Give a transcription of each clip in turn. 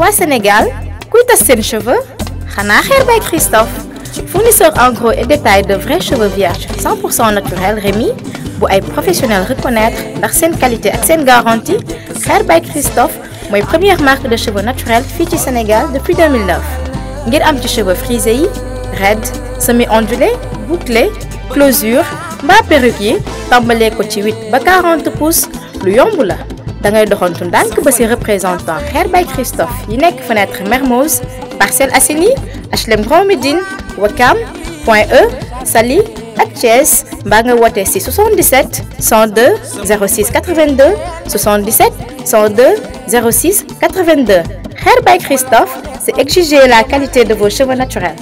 Wa Sénégal kuy tas ses cheveux xanaa xeer Christophe fournisseur en gros et détail de vrais cheveux vierges 100 naturels naturel Rémy bu ay professionnels reconnaître ndax qualité et garantie xeer Christophe la première marque de cheveux naturels du Sénégal depuis 2009 ngir am ci cheveux frisés raides semi-ondulés bouclés closure bas perruquier, tambalé côté 8 40 pouces le yomb dangay de doxantu ndànk ba si représentant Xeer Bay Christophe yi fenêtre Mermoz Parcelle Asseni, HLM Grand Médine Wakam Point E Saly ak 77 102 06 82 77 102 06 82 Christophe c'est exiger la qualité de vos cheveux naturels.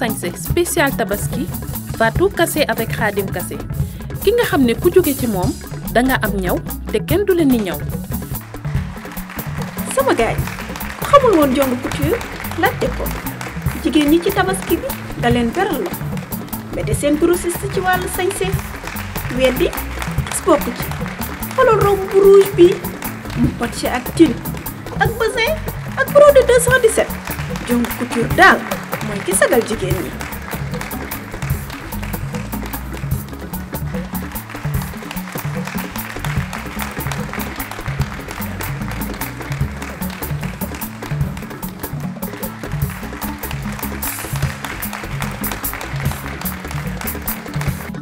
sañse spécial tabaski Fatou Kassé avec Khadim Kassé ki nga xamné ku jóge ci mom da nga am ñaw té kenn du leen ni ñaw sama gaay xamul won jong couture la té ko jigéen ñi ci tabaski bi da leen beral la mais de seen grossiste ci walu sañse wéddi gis ci xoolal rom rouge bi mu pot ci ak tin ak bazin ak pro de 217 jong couture dal mooy ki sagal jigéen ñi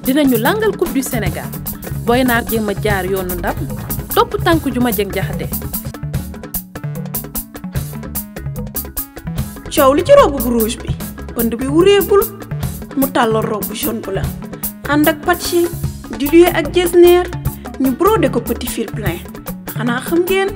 dinañu langal coupe du Sénégal boy naar jéem ma jaar yoonu ndam top tànk juma ma jaxate ciow li ci robu rouge bi pënd bi wureegul mu tàllal robe jaune bu la ànd ak patching di luye ak jesneer ñu brodé ko petit fil plein xanaa xam ngeen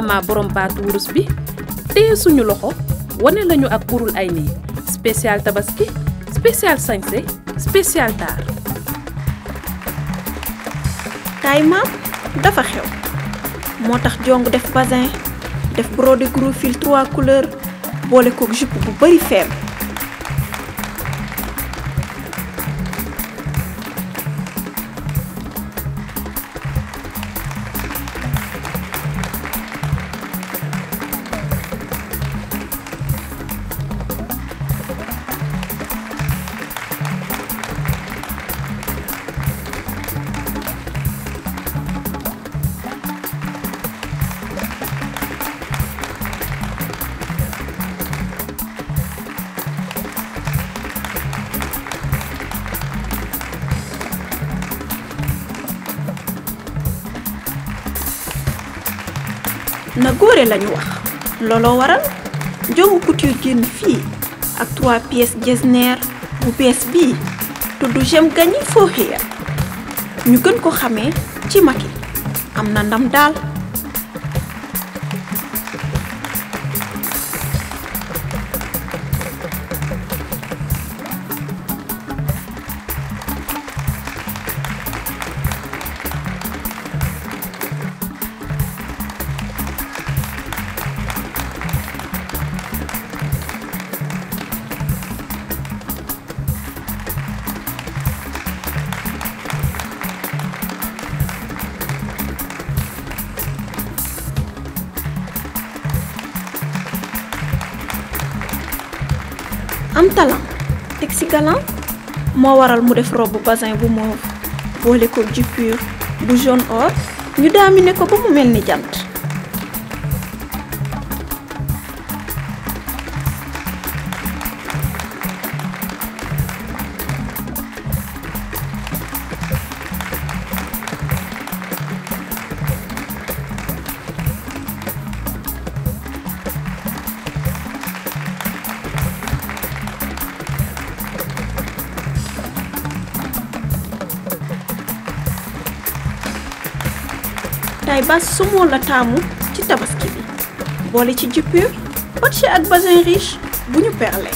ma borom baatu wurus bi téye suñu loxo woné lañu ak burul ay ni spécial tabaski spécial sañse spécial taar kaay dafa xew motax jong def bazin def brodé gros fil trois couleurs boole kook jupe bu bari feem ture lañu wax Lolo waral Ndiogou Couture génn fii ak trois pièces jesner bu bees bii tudd J'aime gagner faux rire ñu gën ko xamee ci Macky am na ndam daal am talent teg si galant moo waral mu def robe basin bu mauve boole ko jupur bu jaune or ñu daamine ko ba mu mel ni jant ba sumo la taamu ci tabaski bi boole ci jupur poché ak bazin riche bu ñu perlé.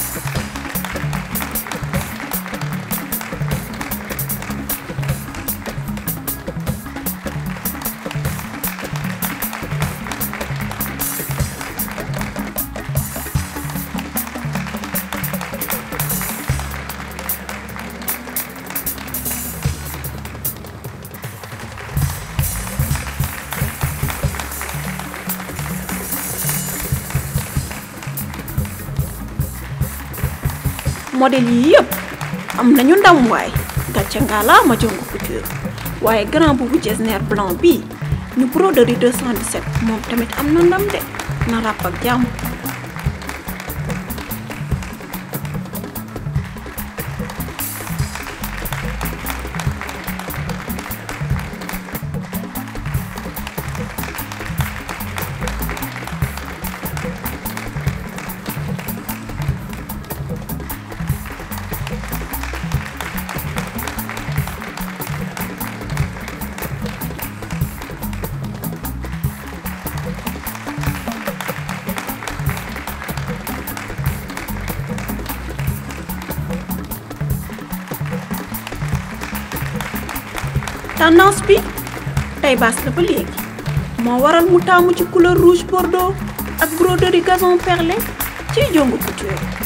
modèle yi yëpp am nañu ndam waay gàcce ngala ma jongo couture waaye grand boubou Getzner blanc bi ñu broderie 217 moom tamit am na ndam de na ràpp ak jàmm tendance bi tey baas la ba léegi moo waral mu taamu ci couleur rouge bordeaux ak broderie gazon perlé ciy jongu couture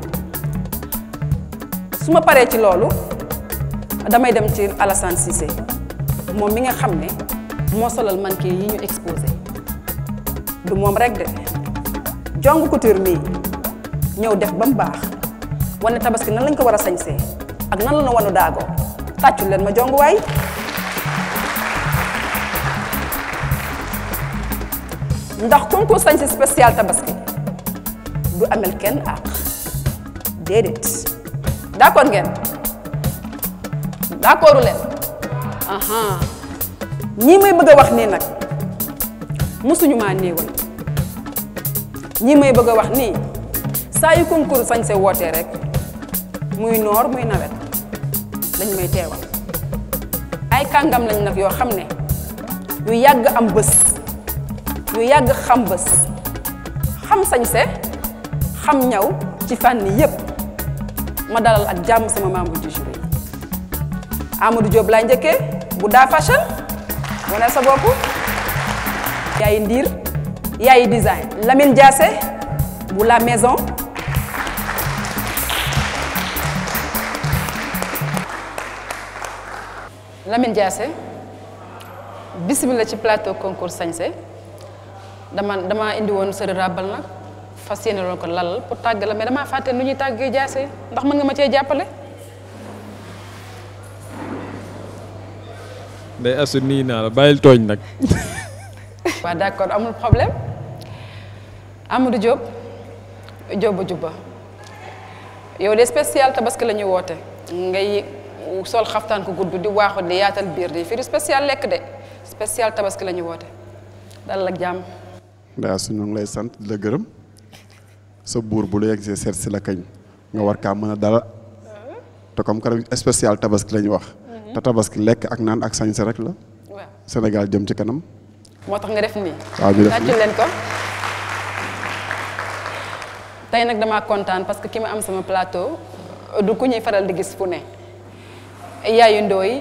su ma paree ci loolu damay dem ci Alassane Cissé moom mi nga xam ne moo solal mannequin yi ñu exposé du moom rek de jong couture mii ñëw def ba mu baax wane tabaski nan lañ ko war a sañsee ak nan la na wanu daagoo tàccul leen ma jong waay ndax concours sañse spécial tabaski du amel kenn àq déedéet d'accord ngeen d'accordu leen aha ñii may bëgg a wax nii nag musuñu maa néewal ñii may bëgg a wax nii saa yu concours sañse wootee rek muy noor muy nawet dañ may teewal ay kàngam lañ naf yoo xam ne yu yàgg am bés yu yàgg xam bés xam sañse xam ñaw ci fànn yépp ma dalal ak jàmm sama membre du jury Amadou Diop laa njëkkee bu daa fashion wane sa bopp yaayi ndiir yaayi design Lamine Diassé bu la maison Lamine Diassé bismillah ci plateau concours sañse dama dama indi woon sëri ràbbal nag fasiyene yéene ko lal pour tagal mais dama faté nuñu ñuy jassé ndax mën nga ma cee jappalé day asu ni na la bayil togn nak wa d'accord amul problème Amadou Diop Diop ba yow les spécial tabaski la ñuy ngay sol xaftaan ko di di yaatal bir di fi spécial lek de spécial tabaski lañu woté dal ak jam da ñu lay sant la sa bour bu lay yegsee seet la kagn nga war ka meuna dal dalal te comme que spécial tabaski lañ wax mhm. ta tabaski lek ak nan ak sa rek la senegal jëm ci kanam motax nga def ni waaw def len ko tay nak dama contane parce que kima am sama plateau du ku ñi faral di gis fu ne yaay ndoy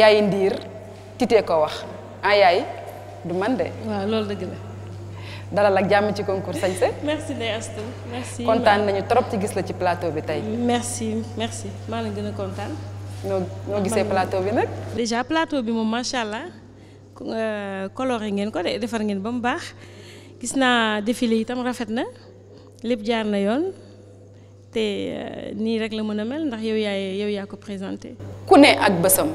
yaay ndir tité ko wax ah, du man de waaw lolou deug la dalal ak jàmm ci concours sañse merci Ndeye Astou merci kontaan nañu trop ci gis la ci plateau bi tey. merci merci maa la gën a kontaan. noo noo gisee plateau bi nag. déjà plateau bi moom macha allah euh, coloré ngeen ko de defar ngeen ba mu baax gis naa défilé itam rafet na lépp jaar na yoon. te euh, nii rek la mën a mel ndax yow yaay yow yaa ko présenté. ku ne ak bësam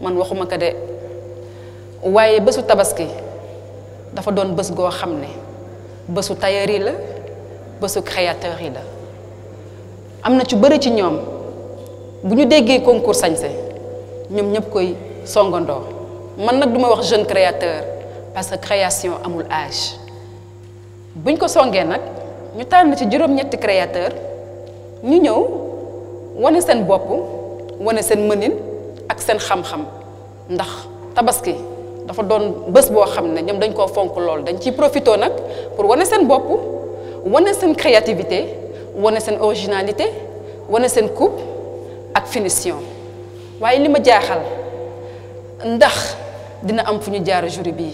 man waxuma ko de waaye bësu tabaski. dafa doon bés goo xam ne bésu tailleur yi la bésu créateur yi la am na ci bëri ci ñoom bu ñu déggee concours sañse ñoom ñëpp koy songandoo man nag duma wax jeune créateur parce que création amul âge buñ ko songee nag ñu tànn ci juróom-ñetti créateur ñu ñëw wane seen bopp wane seen mënin ak seen xam-xam ndax tabaski dafa doon bés boo xam ne ñoom dañ koo fonk lool dañ ciy profité nag pour wane seen bopp wane seen créativité wane seen originalité wane seen coupe ak finition waaye li ma jaaxal ndax dina am fu ñu jaar jury bi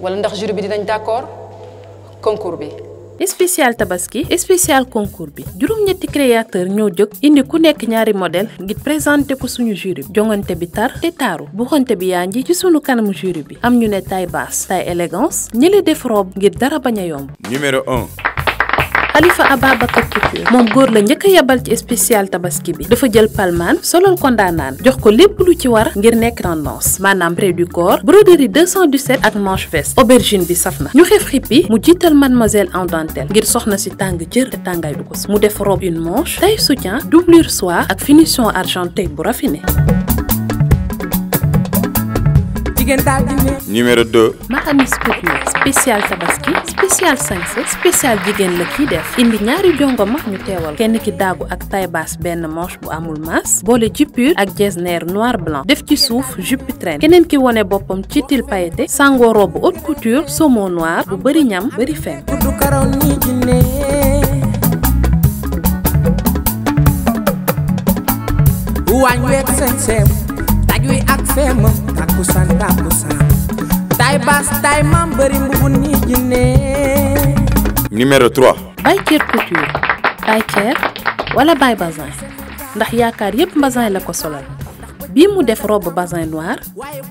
wala ndax jury bi dinañ d'accord concours bi spécial tabaski spécial concours bi juróom-ñetti créateur ñoo jóg indi ku nekk ñaari modèle ngir présenté ko suñu juri bi jongante bi tar te taaru buxante bi yaa nji ci suñu kanamu jury bi am ñu ne taille basse taille élégance ñi la def robe ngir dara bañ a yomb numéro 1 Alifa Ababa Couture Mon góor la njëkk a ci spécial tabaski bi dafa jël palmaan solal ko ndaanaan jox ko lépp lu ci war ngir tendance près du corps broderie 217 à manche veste aubergine bi safna na ñu xef xippi mu mademoiselle en dentelle ngir soxna si tàng jër te tangay du robe une manche taille soutien doublure soie ak finition argentée bu raffiné numéro 2 ma amis special spécial tabaski spécial sañse spécial jigéen la kii def indi ñaari jongo ma ñu téwal kenn ki daagu ak taybas ben manche bu amul bolé ci pur ak jesner noir blanc def ci souf jupe traîne keneen ki woné boppam ci til pailleté sango robe haute couture saumon noir bu bari ñam bëri fen waañ week sañ seem ak feemam tàkkusaan tàkkusaan tay bas tay maam bëri ni jine numéro 3 Baye couture Baye Thier wala bay Bazin ndax yaakaar yépp Bazin la ko solal bi mu def robe Bazin noir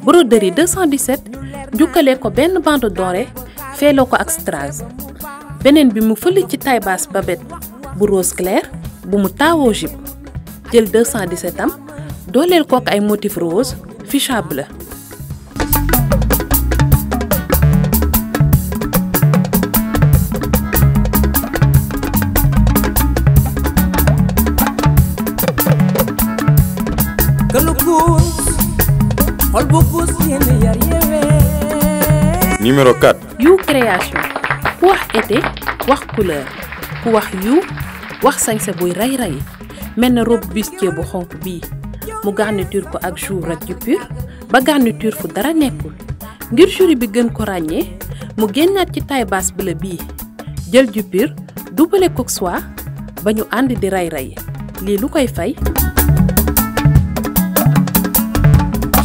broderie 217 njukkalee ko ben bande dorée felo ko ak strass beneen bi mu fële ci taille babette bu rose clair bu mu tawo jupe jël 217 am ko ak ay motif rose fichable numéro 4. You création ku wax été wax couleur ku wax yu wax sañse buy ray-ray mel na robe bu xonk bii mu garniture ko ak jour ak yu pur ba garniture fu dara nekkul ngir jury bi gën ko ràññee mu génnaat ci taille basse bleu bii jël ju pur dubale ko soie ba ñu ànd di ray-ray lii lu koy fay.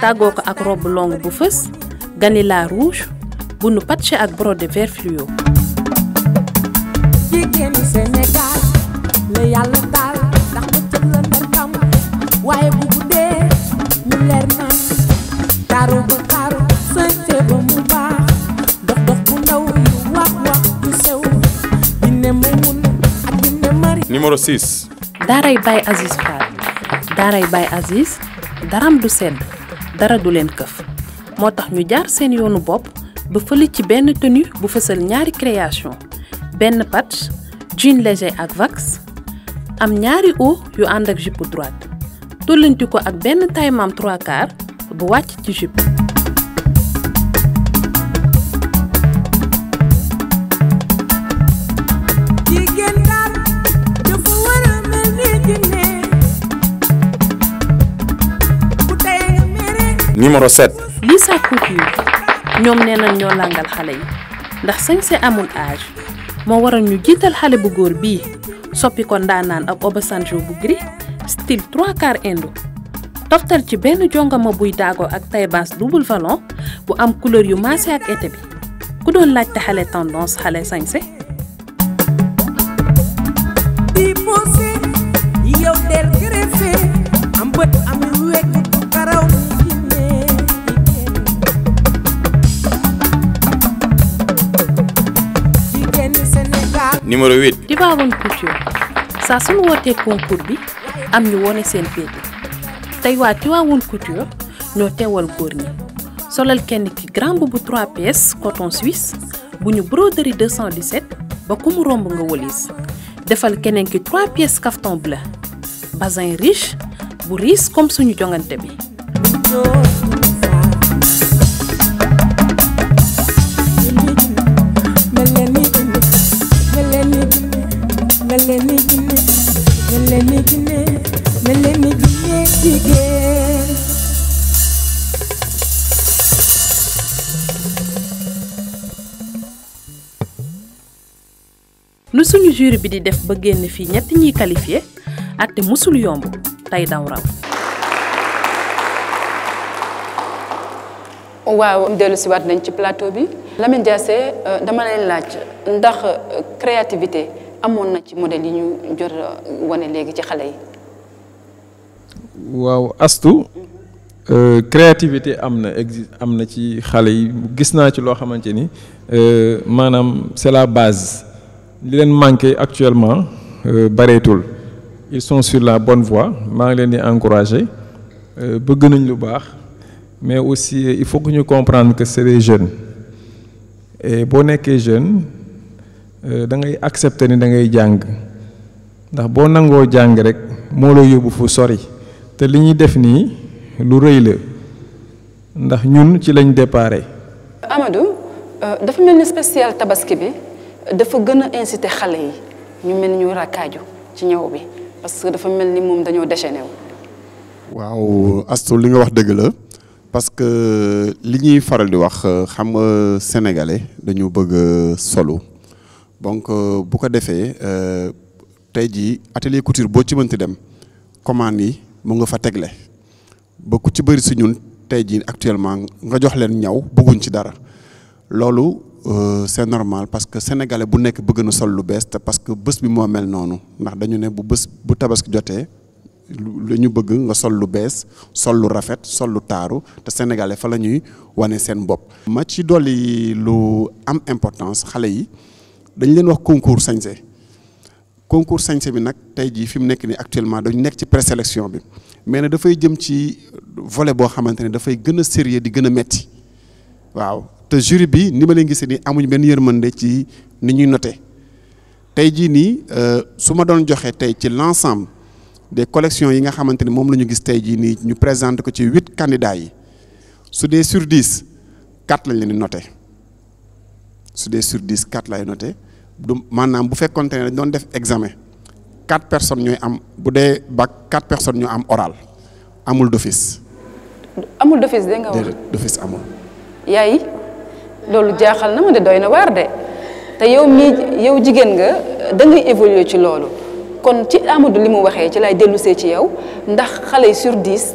tàggoo ko ak robe longue bu fës ganila rouge bu nu patché ak brodé vert fluo. jigéeni Sénégal la yàlla taal ndax taaru ba xaaru sante mu baax dox dox bu ndaw wax wax bu sew dina ma mun ak dina mari daaray Baye Aziz Fall daaray Baye Aziz daram du sedd dara du leen këf moo tax ñu jaar seen yoonu bopp ba fële ci benn tenue bu fësal ñaari création benn patch jean léger ak vax am ñaari haut yu ànd ak jupe droite tollanti ak benn taille maam trois quarts bu wàcc ci jupe numéro 7. lii sa couture ñoom nee ñoo langal xale yi ndax sañse amul âge moo waral ñu jiital xale bu góor bii soppi ko ndaanaan ak obasanjo bu gris style trois quarts indo toftal ci benn jongama buy daagoo ak taille basse double vallon bu am couleur yu maase ak été bi ku doon laajte xale tendance xale sañse numéro 8. une Couture saa suñu wootee concours bi am ñu wone seen tay wa tiwa won Couture ñoo teewal góor ñi solal kenn ki grand boubou 3 pièces coton suisse bu ñu broderie 217 ba ku mu romb nga wëlis defal keneen ki 3 pièces caftan bleu bazin riche bu riche, comme suñu jongante bi. jigéen lu suñu jury bi di def ba génn fii ñett ñiy qualifié atte mosul yomb tey daw waaw dellu siwaat nañ ci plateau bi Lamine euh, dama leen laaj ndax euh, créativité amoon na ci modèle yi ñu jot wane léegi ci xale yi waaw astu euh, créativité am na am na ci xale yi gis naa ci loo xamante ni euh, maanaam c'est la base li leen manqué actuellement euh, bareetul ils sont sur la bonne voie maa ngi leen di encourager bëgg nañ lu baax mais aussi il faut que ñu comprendre que c'est des jeunes et boo nekkee jeune da ngay accepter ni da ngay jàng ndax boo nangoo jàng rek moo lay yóbbu fu sori. te li ñuy def nii lu rëy la ndax ñun ci lañ déparé. Amadou euh, dafa mel ni spécial tabaski bi dafa gën a incité xale yi ñu mel ni ñu rakkaaju ci ñëw bi parce que dafa mel ni moom dañoo dese wu. waaw Astou li nga wax dëgg la parce que li ñuy faral di wax euh, xam nga sénégalais dañu bëgg euh, solo donc bu ko defee tey jii atelier couture boo ci mënti dem commande yi. C'est actuellement euh, c'est normal parce que sénégalais bu na sol lu best parce que bëss bi mo mel nonu ndax dañu ne bu bu tabaski joté lu sol lu sol lu rafet sol lu sénégalais fa la wané sen ma ci am importance xalé yi dañ leen concours concours sañse bi nak tey jii fi mu nekk actuellement dañu nek ci présélection bi mais né da fay jëm ci volet bo xamante da fay gëna sérieux di gëna metti waaw te jury bi ni ma lay gisee nii amuñ ben yërmandé ci ni ñuy noté tey jii nii euh, su ma doon joxé tay ci l'ensemble des collections yi nga xamante mom lañu gis tey jii nii ñu présente ko ci 8 candidats yi su dee sur dix quatre lañ leen di noté su dee sur dix quatre laay noté du vous bu fekkoon te examen quatre personnes nous am quatre personnes ont am oral amul d'office. amul d'office Il d'office amul. a na de yow mi yow jigen nga da ngay évoluer ci kon sur 10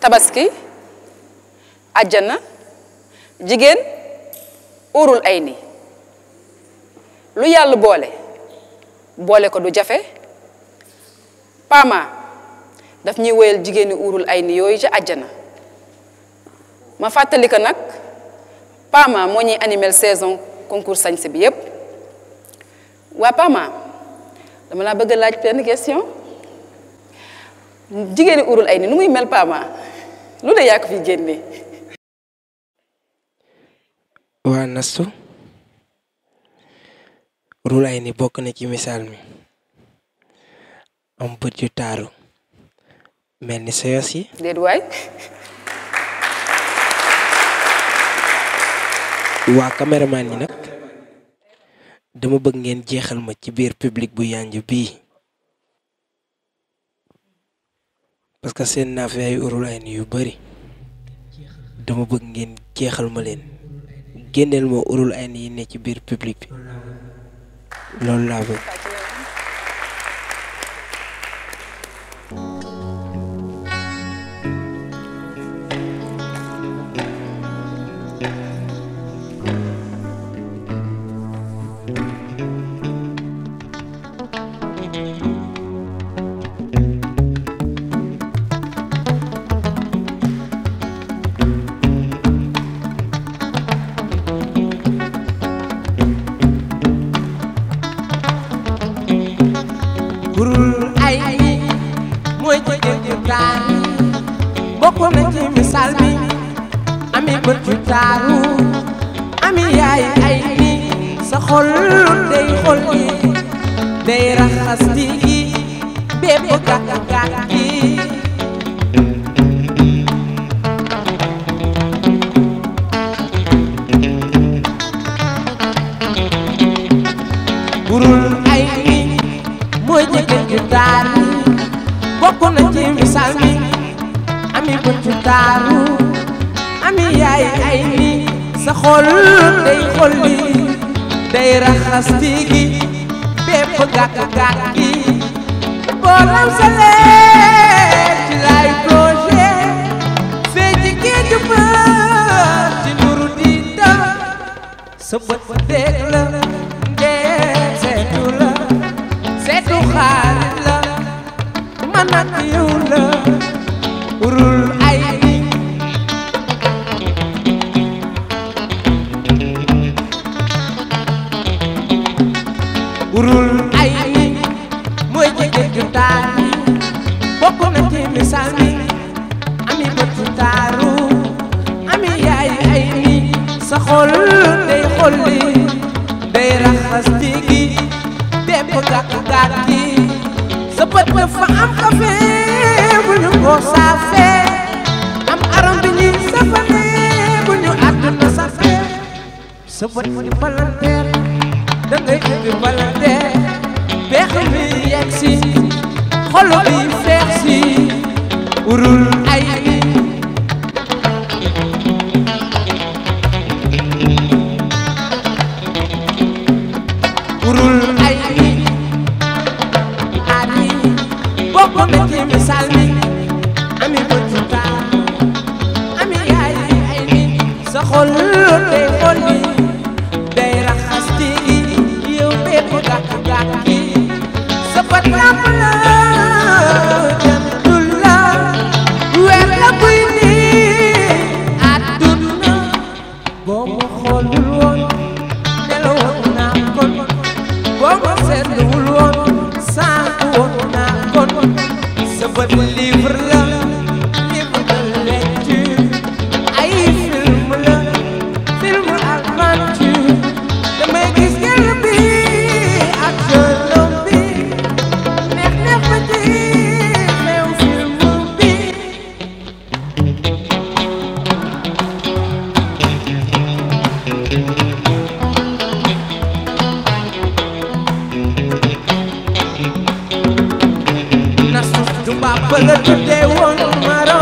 tabaski àjjana jigéen urul ay ni lu yàll boole boole ko du jafe pama daf ñuy woyal jigéeni urul ay ni yooyu ci àjjana ma fàttali ko nag pama moo ñuy animel saison concours sañse bi yépp waa pama dama laa bëgg laaj benn question jigéeni urul ay ni nu muy mel pama lu ne yaa fi genné wa nasu rulaay ni bok na ci misal mi am bët yu taru melni ni soyos yi déet waay waa caméraman dama bëgg ngeen jéxal ma ci biir public bu yànj bii parce que seen naafi ay urul ay ni yu bëri dama bëgg ngeen jeexal ma leen génneel ma urul ay ni yi ne ci biir public bi loolu laa bëgg xollu burul ay mi mooy jigéen ju taaru bokk na ci misaal mi ami bët ju taaru ami yaay ay mi sa xol day xol yi day raxas tigi bépp gàkk-gàkk gi boo ci lay projet fee ci géeju ci nuru di dal sa bët la ndee seetu la seetu xaalis la man ak yow la urul kulli day raxas tigi dépp gàkk gàkk gi sa bët ba fa am xafe bu ñu ko saafe am aram bi ñuy safane bu ñu àdduna safe sa bët di palanteer da ngay ubbi palanteer beex yegg si xol bi feex si urul ಪದ ತುಟ್ಟೆ ಒಂದು ಮರೋ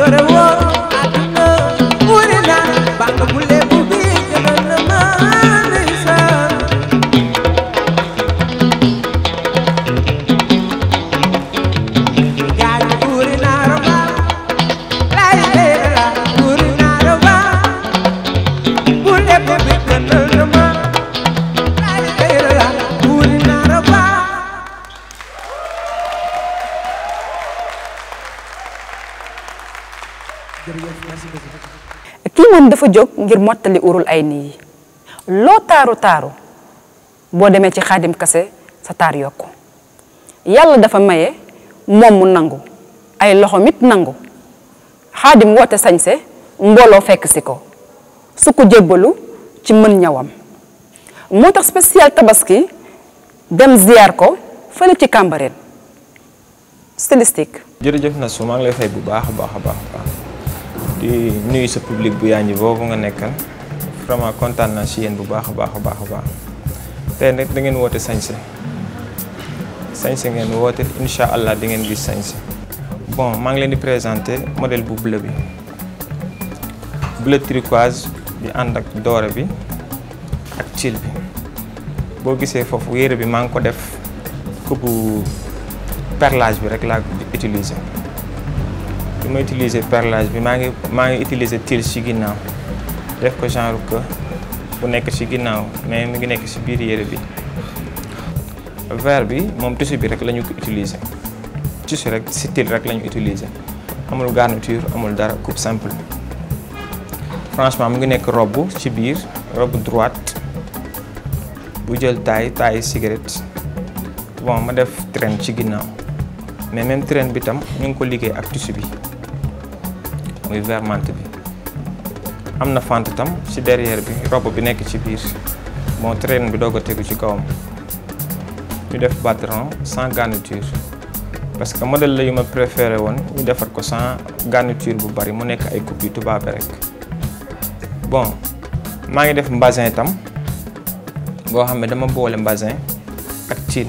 ওরে ngir mottali urul ay lo taro taro, buat taaru boo ci xaadim kase sa taar yokku yàlla dafa maye moom mu nangu ay loxom it nangu xaadim woote sañse mbooloo fekk si ko su ko ci mën ñawam spécial tabaski dem ziar ko fële ci kàmbareen stylistique jërëjëf na su maa ngi lay fay bu baax baax baax di nuyu sa publique bu yànji boobu nga nekkal vraiment kontaan na si bu baax a baax a baax a baax tey nag da ngeen woote sañse sañse ngeen woote incha allah di ngeen gis sañse bon maa ngi leen di présenté modèle bu bleu bi bleu turquoise bi ànd ak doore bi ak tuile bi boo gisee foofu yére bi maa ngi ko def coupe perlage bi rek laa utilise bi ma utiliser perlage bi maa ngi maa ngi utiliser til ci ginnaaw def ko genre que bu nekk ci ginnaaw mais mu ngi nekk ci biir yére bi verre bi moom tissu bi rek la ñu ko utiliser tissu rek ci til rek la utiliser amul garniture amul dara coupe simple franchement mu ngi nekk robe ci biir robe droite bu jël taille taille cigarette bon ma def traîne ci ginnaaw mais même traîne bi tam ñu ngi ko liggéey ak tissu bi muy vermante bi am na tam ci derrière bi robe bi nek ci bir moo train bi dogo a tegu ci kawam ñu def patron sans garniture parce que modèle la yu ma préféré won ñu defar ko sans garniture bu bari mu nek ay coupe yu tubaabe rek bon ma ngi def mbasin tam bo xamné dama bolé mbasin ak cin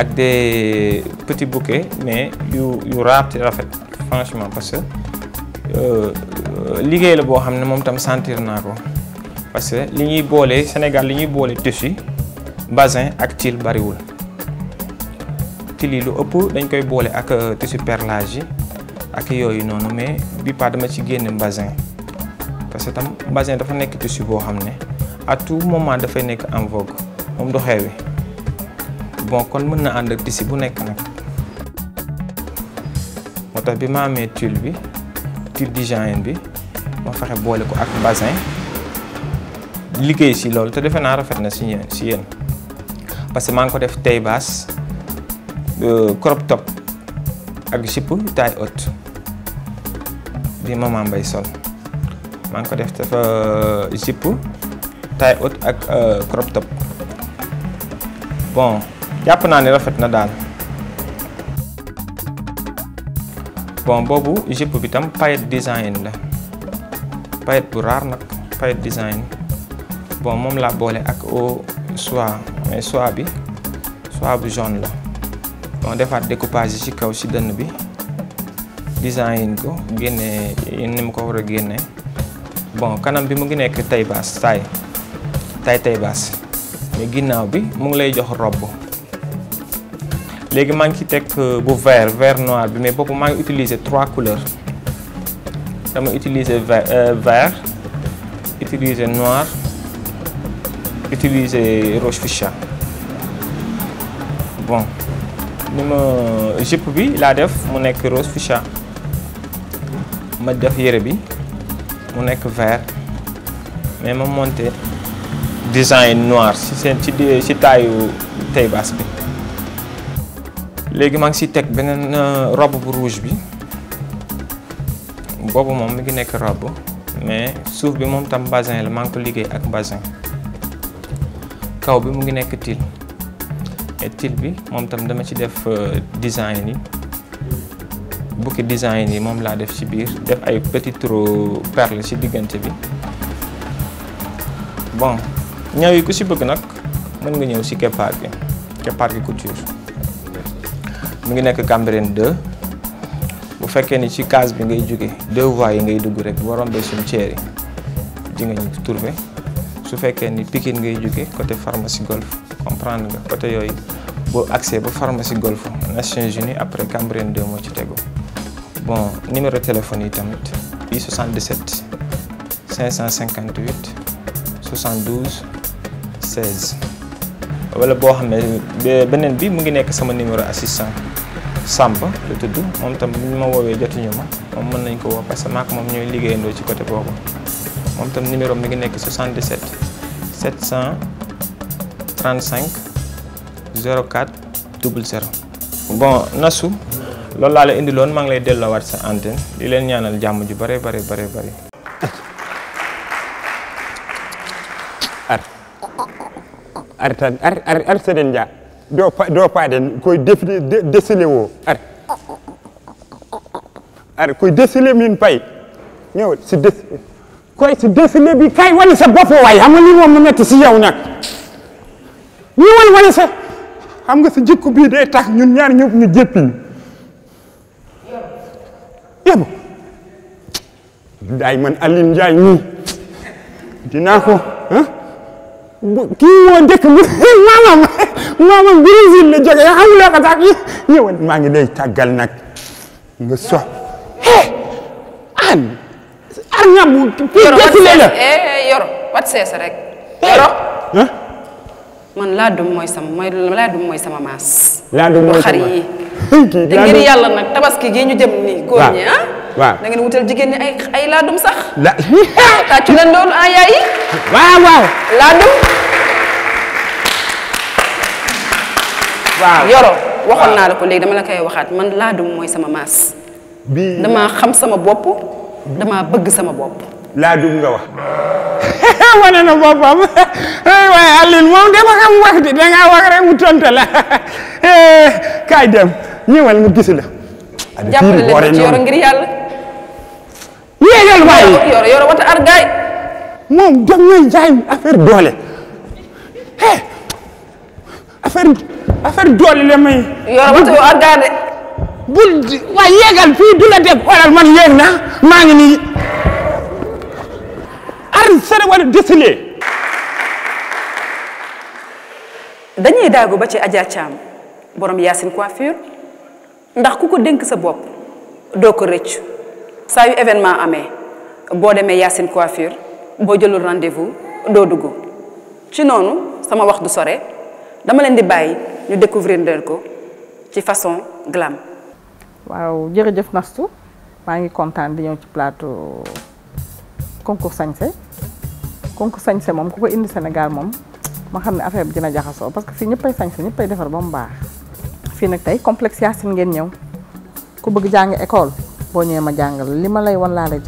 ak des petits bouquets mais yu yu raab ci rafet franchement parce que euh, liggéey la boo xam ne moom tam sentir naa ko parce que li ñuy boole Sénégal li ñuy boole tissu basin ak til bariwul til yi lu ëpp dañ koy boole ak euh, tissu perlage yi ak yooyu noonu mais bi pas dama ci génn basin parce que tam basin dafa nekk tissu boo xam ne at tout moment dafay nekk en vogue moom doxee wi bon kon mën na ànd ak tissu bu nekk nag. moo tax bi ma amee tuile bi tuile dijaayeen bi ma fexe bolé ko ak bassin liggéey ci lolou té défé na rafet na si yéen si yéen parce que maa ngi ko def tay basse euh, crop top ak jupe taille haute bi maman bay sol maa ngi ko def dafa jupe euh, taille haute ak euh, crop top bon jàpp naa ne rafet na daal. bon Bobu, jupe bi tam paillette design la paillette bu raar nak paillette design bon mom la bolé ak au soir mais soir bi soir bu jaune la bon defat découpage ci kaw ci dënn bi design ko guéné eh, ni mu ko war a eh. bon kanam bi mu ngi nek tay bass tay tay tay bass mais ginnaw bi mu ngi lay jox Les maa qui ci le euh, vert vert noir mais beaucoup maa utiliser trois couleurs vais utiliser euh, vert utiliser noir utiliser rose fuchsia bon je ma la def mu nekk rose fuchsia ma def yére bi mu vert mais ma monté design noir si c'est ci taille taayu tey les maa ngi siy euh, robe rouge bi bobu mom ngi robe mais souf bi tam la ak basin kaw bi ngi et bi tam design bouquet euh, design yi mom def ci def ay petit perle ci bon ñaw yi ku si bëgg nag mën nga couture mu ngi nek Cambérène 2 bu fekke ni ci case bi ngay jugge deux voies yi ngay dugg rek bo rombe cimetière yi di nga ñu trouvé su fekke ni Pikine ngay jugge côté pharmacie golf comprendre nga côté yoy bo accès ba pharmacie golf Nations Unies après Cambérène 2 mo ci tegu bon numéro téléphone yi tamit 77 558 72 16 wala bo xamné benen bi mu ngi nek sama numéro assistant Samba la tudd mom tam bu ñu ma woowee jotuñu ma moom mën nañ ko woo parce que maak moom ñooy liggéeyandoo ci côté boobu moom tam numéro mi ngi nekk 77 735 04 00. bon nasu, loolu laa la indiloon maa ngi lay delloowaat sa antenne di leen ñaanal jàmm ju bare bare bare bare. ar ar ar ar ar doo pa doo paade koye desile o ara ara koye desile min payi ñow si des koye si desile bi kay woni sa bopp way xam nga li moom mu metti si yow nag ñëwal sa xam nga si jikko bii day tax ñun ñaar ñëpp ñu jéppiñ yëpp daay man Aline Ndiaye nii dinaa ko ki kii dëkk bu maamam maamam Brésil la jóge yow xamuloo ko sax ñëwal ma ngi lay tagal nak nga so he an ar nga ñabu dekk le la eh yor wat ses rek yoro hein man la dum moy sam moy la dum moy sama mas la dum moy xari de ngir yalla nak tabaski gi ñu jëm ni ko ñi ah waaw da ngeen wutal jigéen ñi ay ay laadum sax. la tàccu leen loolu ah yaay yi. waaw waaw. laadum. waaw yoro waxoon naa la ko léegi dama la koy waxaat man laadum mooy sama maas. bi damaa xam sama bopp damaa bëgg sama bopp. laadum nga wax. wane na boppam waaye Aline moom dama xam wax di da ngaa wax rek mu tontu la kaay dem ñëwal nga gis la. jàppale ci yoro ngir yàlla. wéeral waaye. yoro moom jam na jaay affaire doole. eh affaire doole la may. yoro wata ar gaay de. bul waaye yéegal fii du la def xoolal man yéeg na maa ngi nii. ar sere wala décelé. dañuy daagu ba ci Adja Thiam borom Yacine coiffure ndax ku ko dénk sa bopp doo ko rëccu. saa y événement amee bo démé yassine coiffure bo jëlul rendez-vous do dugg ci noonu sama wax du sore dama len di bay ñu découvrir leen ko ci façon glam. waaw jërëjëf Nastu ma ngi kontaan di ñëw ci plateau concours sañse concours sañse mom ku ko indi Sénégal mom ma xamné affaire bi dina jaxaso parce que fi ñëppay sañse ñëppay defar ba mu baax fii nag tey complexe Yacine ngeen ñëw ku bëgg jàng école. boo ñëwee ma jangal lima lay won la lay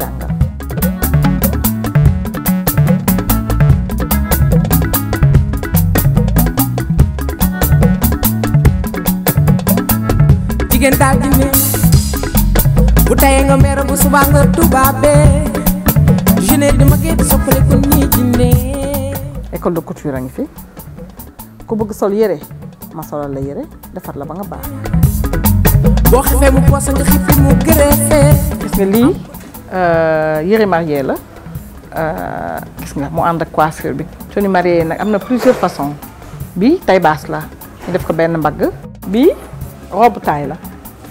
Jigen dal di jinne bu tay nga mer bu suba nga be jeune di ma géet soppale ko nii jinne école de couture ngi fi ku bëgg sol yéré ma solo la yéré defar la ba nga baax boo xefee mu poose nga xiif mu gërëfee. gis nga lii euh, yëre marié la euh, gis nga mu ànd ak coiffure bi tenue mariée nag am na plusieurs façons bi taille basse la ñu def ko benn mbagg. bi robe taille la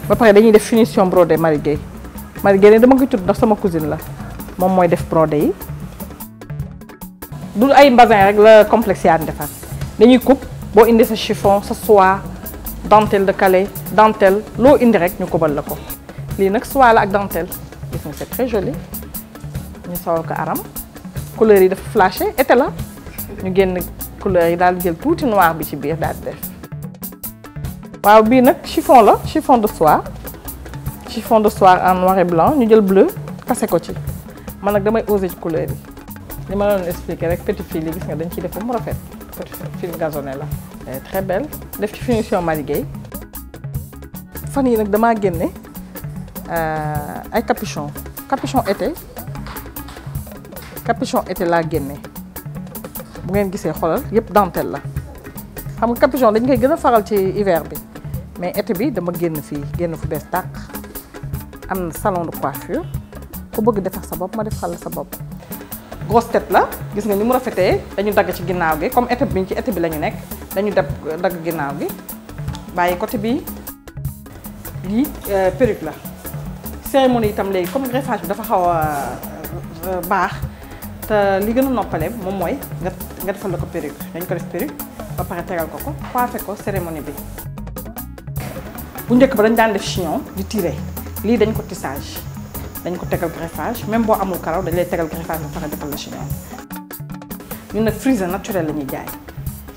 ba pare dañuy def finition brodé Marie Gueye Marie Gueye dama koy tudd ndax sama cousine la moom mooy def brodé yi du ay mbasin rek la complexe yaa defar dañuy coupe boo indi sa chiffon sa soie. dentelle de Calais dentelle l'eau indirecte, nous ñu fait. Ce dentelle c'est très joli Nous avons ko aram couleur yi dafa flashé été la ñu couleur yi tout noir chiffon chiffon de soie chiffon de soie en noir et blanc ñu bleu cassé ko ci man damay osé couleur yi ma la petit fil petit fil euh, très belle def finition Marie fan yi capuchon capuchon était capuchon été la bu ngeen dentelle la xam nga capuchon dañ koy gëna faral ci hiver bi mais été bi dama génn fi, génn fu tak. am salon de coiffure ku bëgg defar sa je ma sa grosse tête la gis nga ni mu rafété, dañu dag ci comme été bi ci été bi dañu dab côté euh, perruque cérémonie comme greffage dafa a euh, euh, li nga defal ko perruque dañ ko def perruque ba paré ko ko cérémonie bi bu ñëk ba dañ def chignon di tiré li dañ ko tissage dañ ko greffage même bo amul karaw dañ lay tégal greffage ba defal le chignon ñun nak une naturel la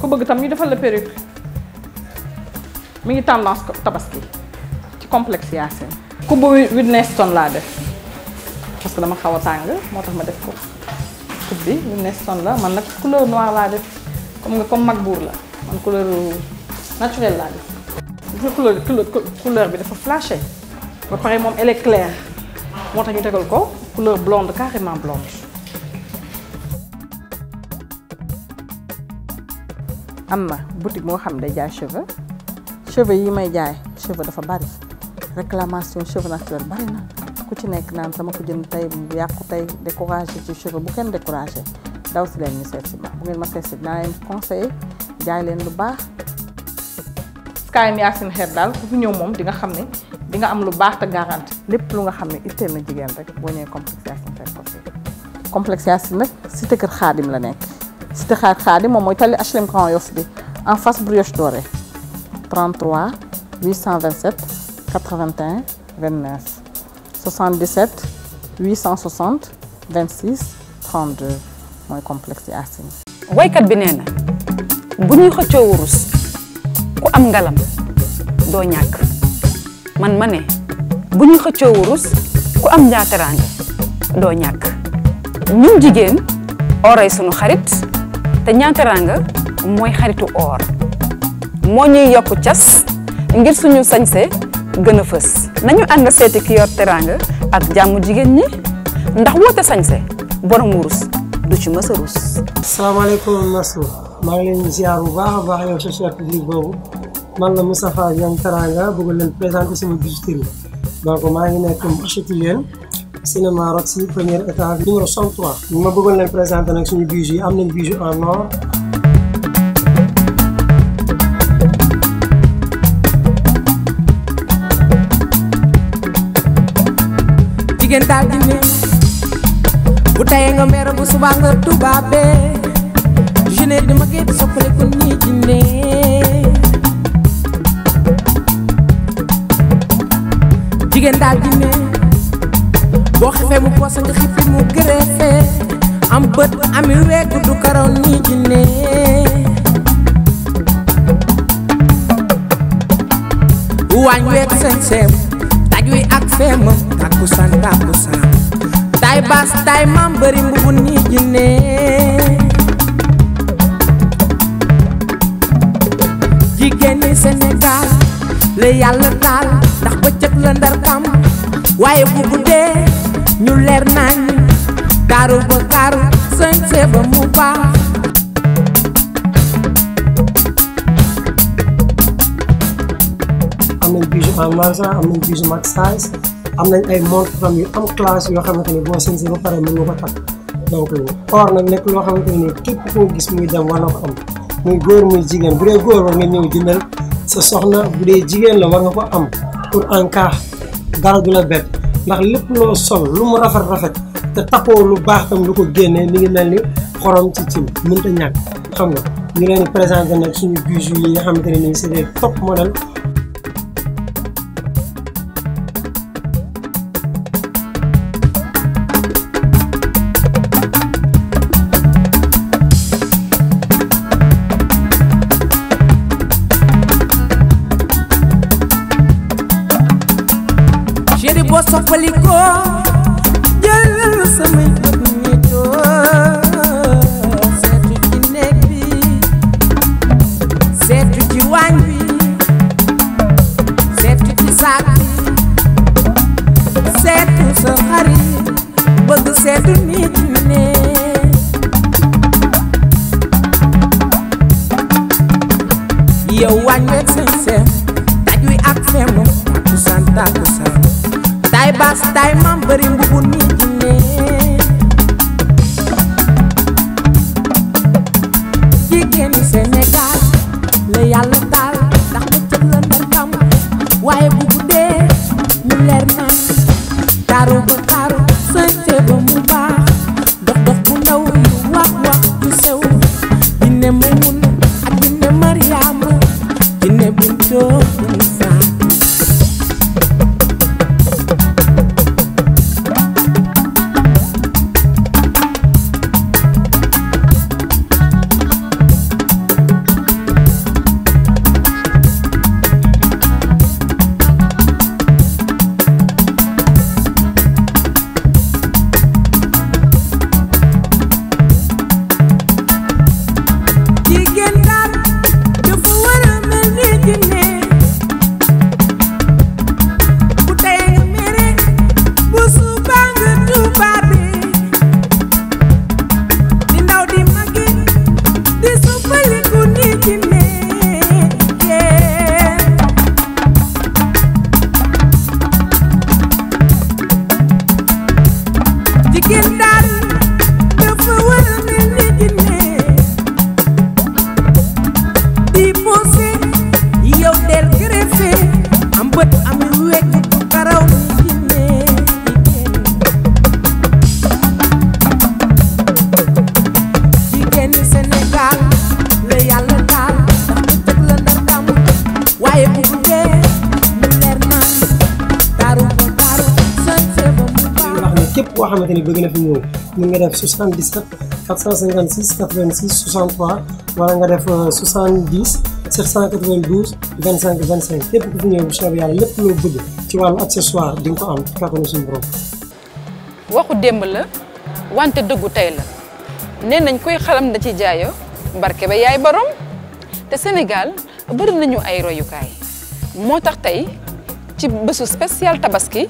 ku bëgg tam ñu defal la perruque mi ngi tendance tabaski ci complexe Yacine ku bu Wilneston laa def parce que dama xaw a tàng moo tax ma def ko coupe bi Wilneston la man nag couleur noire laa def comme nga comme mag Magbour la man couleur naturelle laa def couleur couleur bi dafa flashé ba pare moom elle est claire moo tax ñu tegal ko couleur blonde carrément blonde am na boutique moo xam ne day jaay cheveux cheveux yi may jaay cheveux dafa bari réclamation cheveux naturel bari na ku ci nekk naan sama ko jën tey mu yàqu tey découragé ci cheveux bu kenn découragé daw si leen ñu seet si ma bu ngeen ma seet si dinaa leen conseiller jaay leen lu baax. Sky mi Yacine xeet daal ku fi ñëw moom di nga xam ne di nga am lu baax te garanti lépp lu nga xam ne itteel na jigéen rek boo ñëwee complexe Yacine fekk ko fi complexe kër Xaadim la nekk. cité xaar xaadi moom tali HLM Grand Yoff bi en face brioche dorée 33 827 81 29 77 860 26 32 moy complexe yi Assainies. waykat bi nee bu ñu xëccoo wurus ku am ngalam doo ñàkk man ma ne bu ñu xëccoo wurus ku am njaateraange doo ñàkk ñun jigéen ooree sunu xarit. te ñaan teraanga mooy xaritu or moo ñuy yokk cas ngir suñu sañse gën a fës nañu ànd seeti ki yor teraanga ak jàmm jigéen ñi ndax woote sañse borom wurus du ci mës a rus. asalaamaaleykum Massou maa ngi leen ziar bu baax a baax yow société publique boobu man la Moustapha Diagne Teranga bëgg leen présenter sama donc maa ngi nekk mu acheter leen. cinéma Roxy premier étage numéro 63 ma bëggoon leen présenter nag suñu bijoux yi am nañ bijoux en or jigéen daal di bu tayee nga meere bu subaa nga tubaabe jeune di ma gétt soppale ku ñii di ne jigéen daal di boo xefee mu poosa nga xifi mu gërefee am bët ami weegu du karaw nii jinne waañ weeg seen seem taj wi ak feemam tàkkusaan tàkkusaan tay baas tay maam ndax la ndar kam waaye bu lu leer nañ taaru ba taaru sañse ba mu baax am nañ bijou en marge am nañ bijou max size am nañ ay montre tam yu am classe yoo xamante ne boo sañse ba pare gis muy dem war na ko am muy góor muy jigéen bu dee góor war nga ñëw jëndal sa soxna bu dee jigéen la war nga ko am pour en cas dara du la bett ndax lépp loo sol lu mu rafet rafet te tappoo lu baax tam lu ko génnee mi ngi mel ni xorom ci cin mënta ñàkk xam nga ñu leen présenté nag suñu bijou yi nga xamante ne nii c'est des top modèles gozo fue licor 77 456 86 63 wala nga def 70 792 25 25 képp ku fi ñëw bu soobee yàlla lépp loo bëgg ci wàllu accessoire di nga ko am kàttanu suñu borom. waxu démb la wante dëggu tey la nee nañ koy xalam da ci jaayo barke ba yaay borom te Sénégal bëri nañu ay royukaay moo tax tey ci bésu spécial tabaski.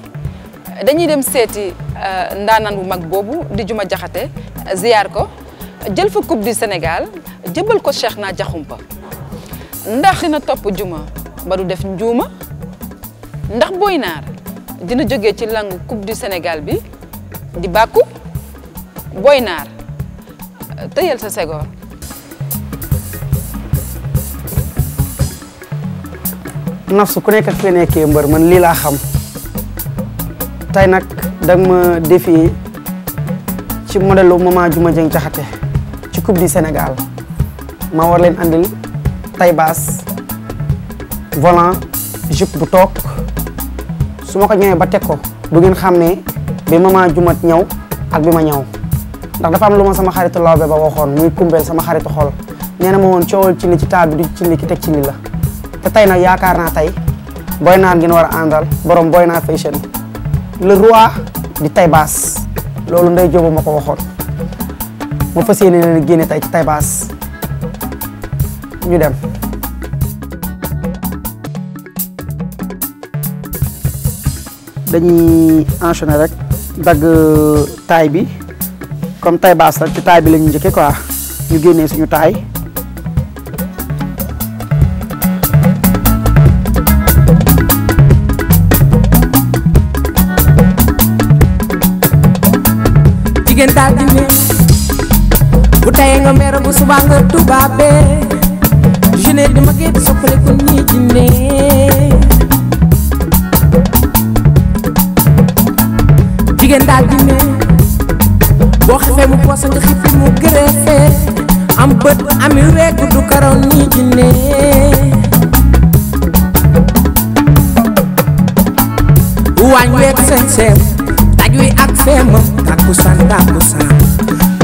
dañuy dem seeti euh, ndaanaan bu mag boobu di Juma Jaxate ziyaar ko jël fa coupe du Sénégal jëbal ko Cheikh naa Jaxumpa ndax dina topp Juma ba du def njuuma ndax Boy Naar dina jóge ci langu coupe du Sénégal bi di bàkku Boy Naar tëyal sa segoor nafsu ku nekk ak nekkee mbër man lii laa xam Tay nak da ma défier ci modèle mama djuma djeng Diakhaté ci coupe du Sénégal ma war len andil tay bass volant jupe bu tok yang ko ñëwé ba teg ko du ngeen xamné bi mama Diouma ñëw ak bima ma ñëw ndax dafa am luma sama xaritu lawbe ba waxon muy kumbel sama xaritu xol néna mo won woon coowal ci li ci taal du ci li ki teg ci li la té tay yaakar na tay boy ngeen war andal, borom boy fashion le roi di Taïbaas loolu Ndeye Diop ma ko waxoon ma fas yéene leen génne tey ci ñu dem. dañuy enchaîner rek dagg euh, taay bi comme Taïbaas rek ci taay bi la ñu njëkkee quoi ñu génnee suñu taay. jigéen daal di ne bu tayee nga mer subaa nga tubaabee jeune di ma gee di soppale ko nii di ne jigéen daal di ne boo xefee mu poosa nga xiif mu gërëfee am bët ami wegg du karaw nii di ne waañ weeg seen seem taj wi ak feemam tàkkusaan tàkkusaan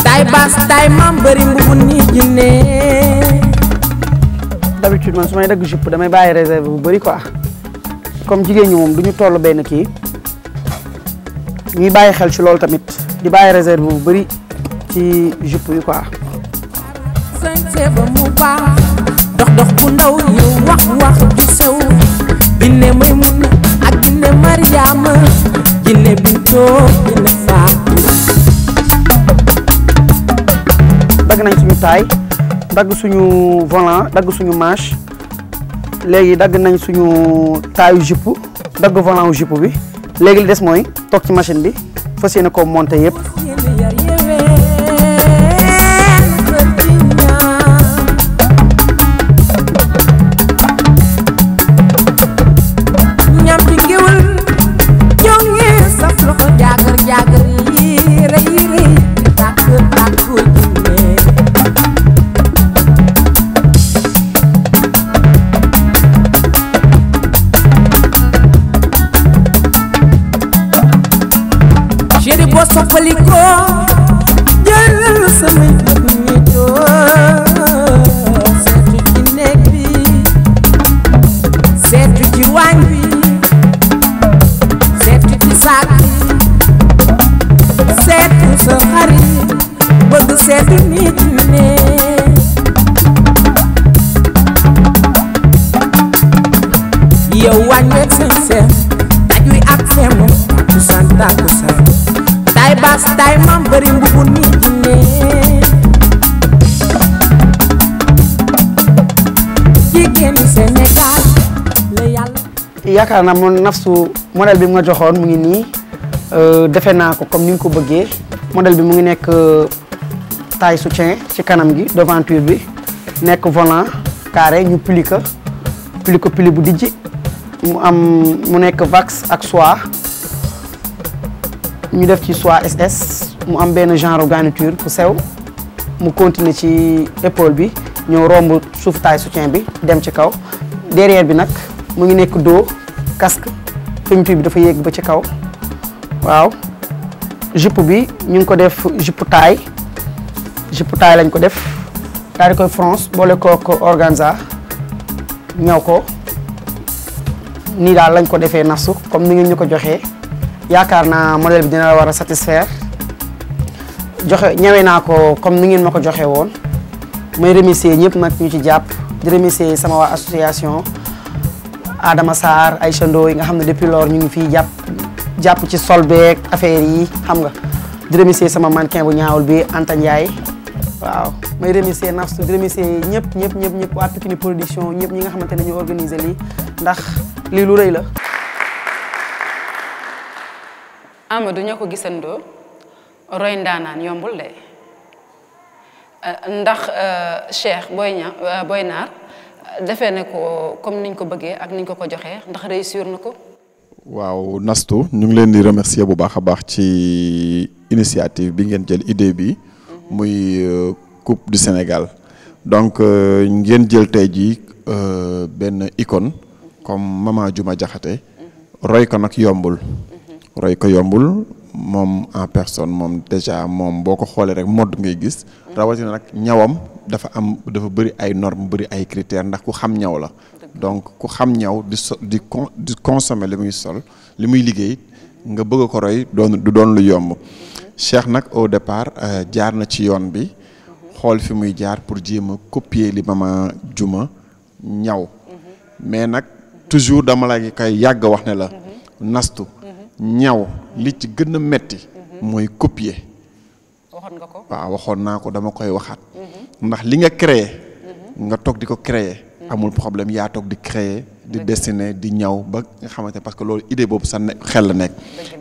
tay baas tay maam bëri mbubu nii jinne d'habitude man su may dagg jupe damay bàyyi réserve bu bari quoi comme jigéen ñi moom du ñu toll benn kii ñuy bàyyi xel ci loolu tamit di bàyyi réserve bu bëri ci jupe yi quoi sañse ba mu baax dox dox bu ndaw ñëw wax wax bu sew jinne may mun ak jinne mariama jinne bintoo jinne faat dagg nañ suñu taay dagg suñu volant dagg suñu manche léegi dagg nañ suñu taayu jupe dagg volant jupe bi léegi li des mooy toog ci machine bi fas yéene ko monter yëpp. yakarna mon nafsu model bi mu nga joxoon mu ngi ni euh defena ko comme ni ko beugé model bi mu ngi nek euh, taille soutien ci kanam gi devanture bi nek volant carré ñu plique ko plique bu dijji mu am mu nek vax ak soie ñu def ci soie SS mu am ben genre garniture ku sew mu continuer ci épaule bi ñëw rombu souf taille soutien bi dem ci kaw derrière bi nak mu ngi nek dos casque fermeture bi dafa yéeg ba ci kaw waaw jupe bi ñu ngi ko def jupe taille jupe taille lañ ko def daal di koy France boole kook organza ñaw ko nii daal lañ ko defee nasu comme ni ngeen ñu ko joxee yaakaar naa modèle bi dina war a satisfaire joxe ñëwee naa ko comme ni ngeen ma ko joxee woon mooy remercier ñëpp nag ñu ci jàpp di remercier sama waa association Adama Sarr ay chandoo yi nga xam ne depuis lors ñu ngi fii jàpp jàpp ci sol beeg affaire yi xam nga di remercier sama mannequin bu ñaawul bi Anta Ndiaye waaw may remercier Nafsu di remercier ñëpp ñëpp ñëpp ñëpp waa Pikini production ñëpp ñi nga xamante ne ñu organiser ndax lii lu rëy la. Amadou ñoo ko gisandoo roy ndaanaan yombul de euh, ndax euh, Cheikh Boy Niang euh, defee na ko comme niñ ko bëggee ak niñ ko ko joxee ndax réussir na waaw Nastu ñu ngi leen di remercier bu baax a baax ci initiative bi ngeen jël idée bi muy euh, coupe du Sénégal donc euh, ngeen jël tey jii euh, benn icône comme Mama Juma Jaxate roy ko nag yombul roy ko yombul mom en personne moom déjà moom boo ko rek mode ngay gis rawatina nak ñawam dafa am dafa bëri ay normes bëri ay critères ndax ku xam ñaw la donc ku xam ñaw di di con di consommer li muy sol limuy muy liggéey nga bëgg ko roy doon du doon lu yomb Cheikh nak au départ euh, jaar na ci yoon bi xol fi muy jaar pour jéem copier li mama juma ñaw mais n'ak toujours dama la kay yag wax ne la mhm. nastu mhm. ñaw li ci gëna metti moy mhm. copier waaw waxoon naa ko dama koy waxaat. ndax li nga créer. nga toog di ko créer. amul problème yaa toog di créer di dessiner di ñaw ba nga xamante parce que loolu idée boobu sa xel la nekk.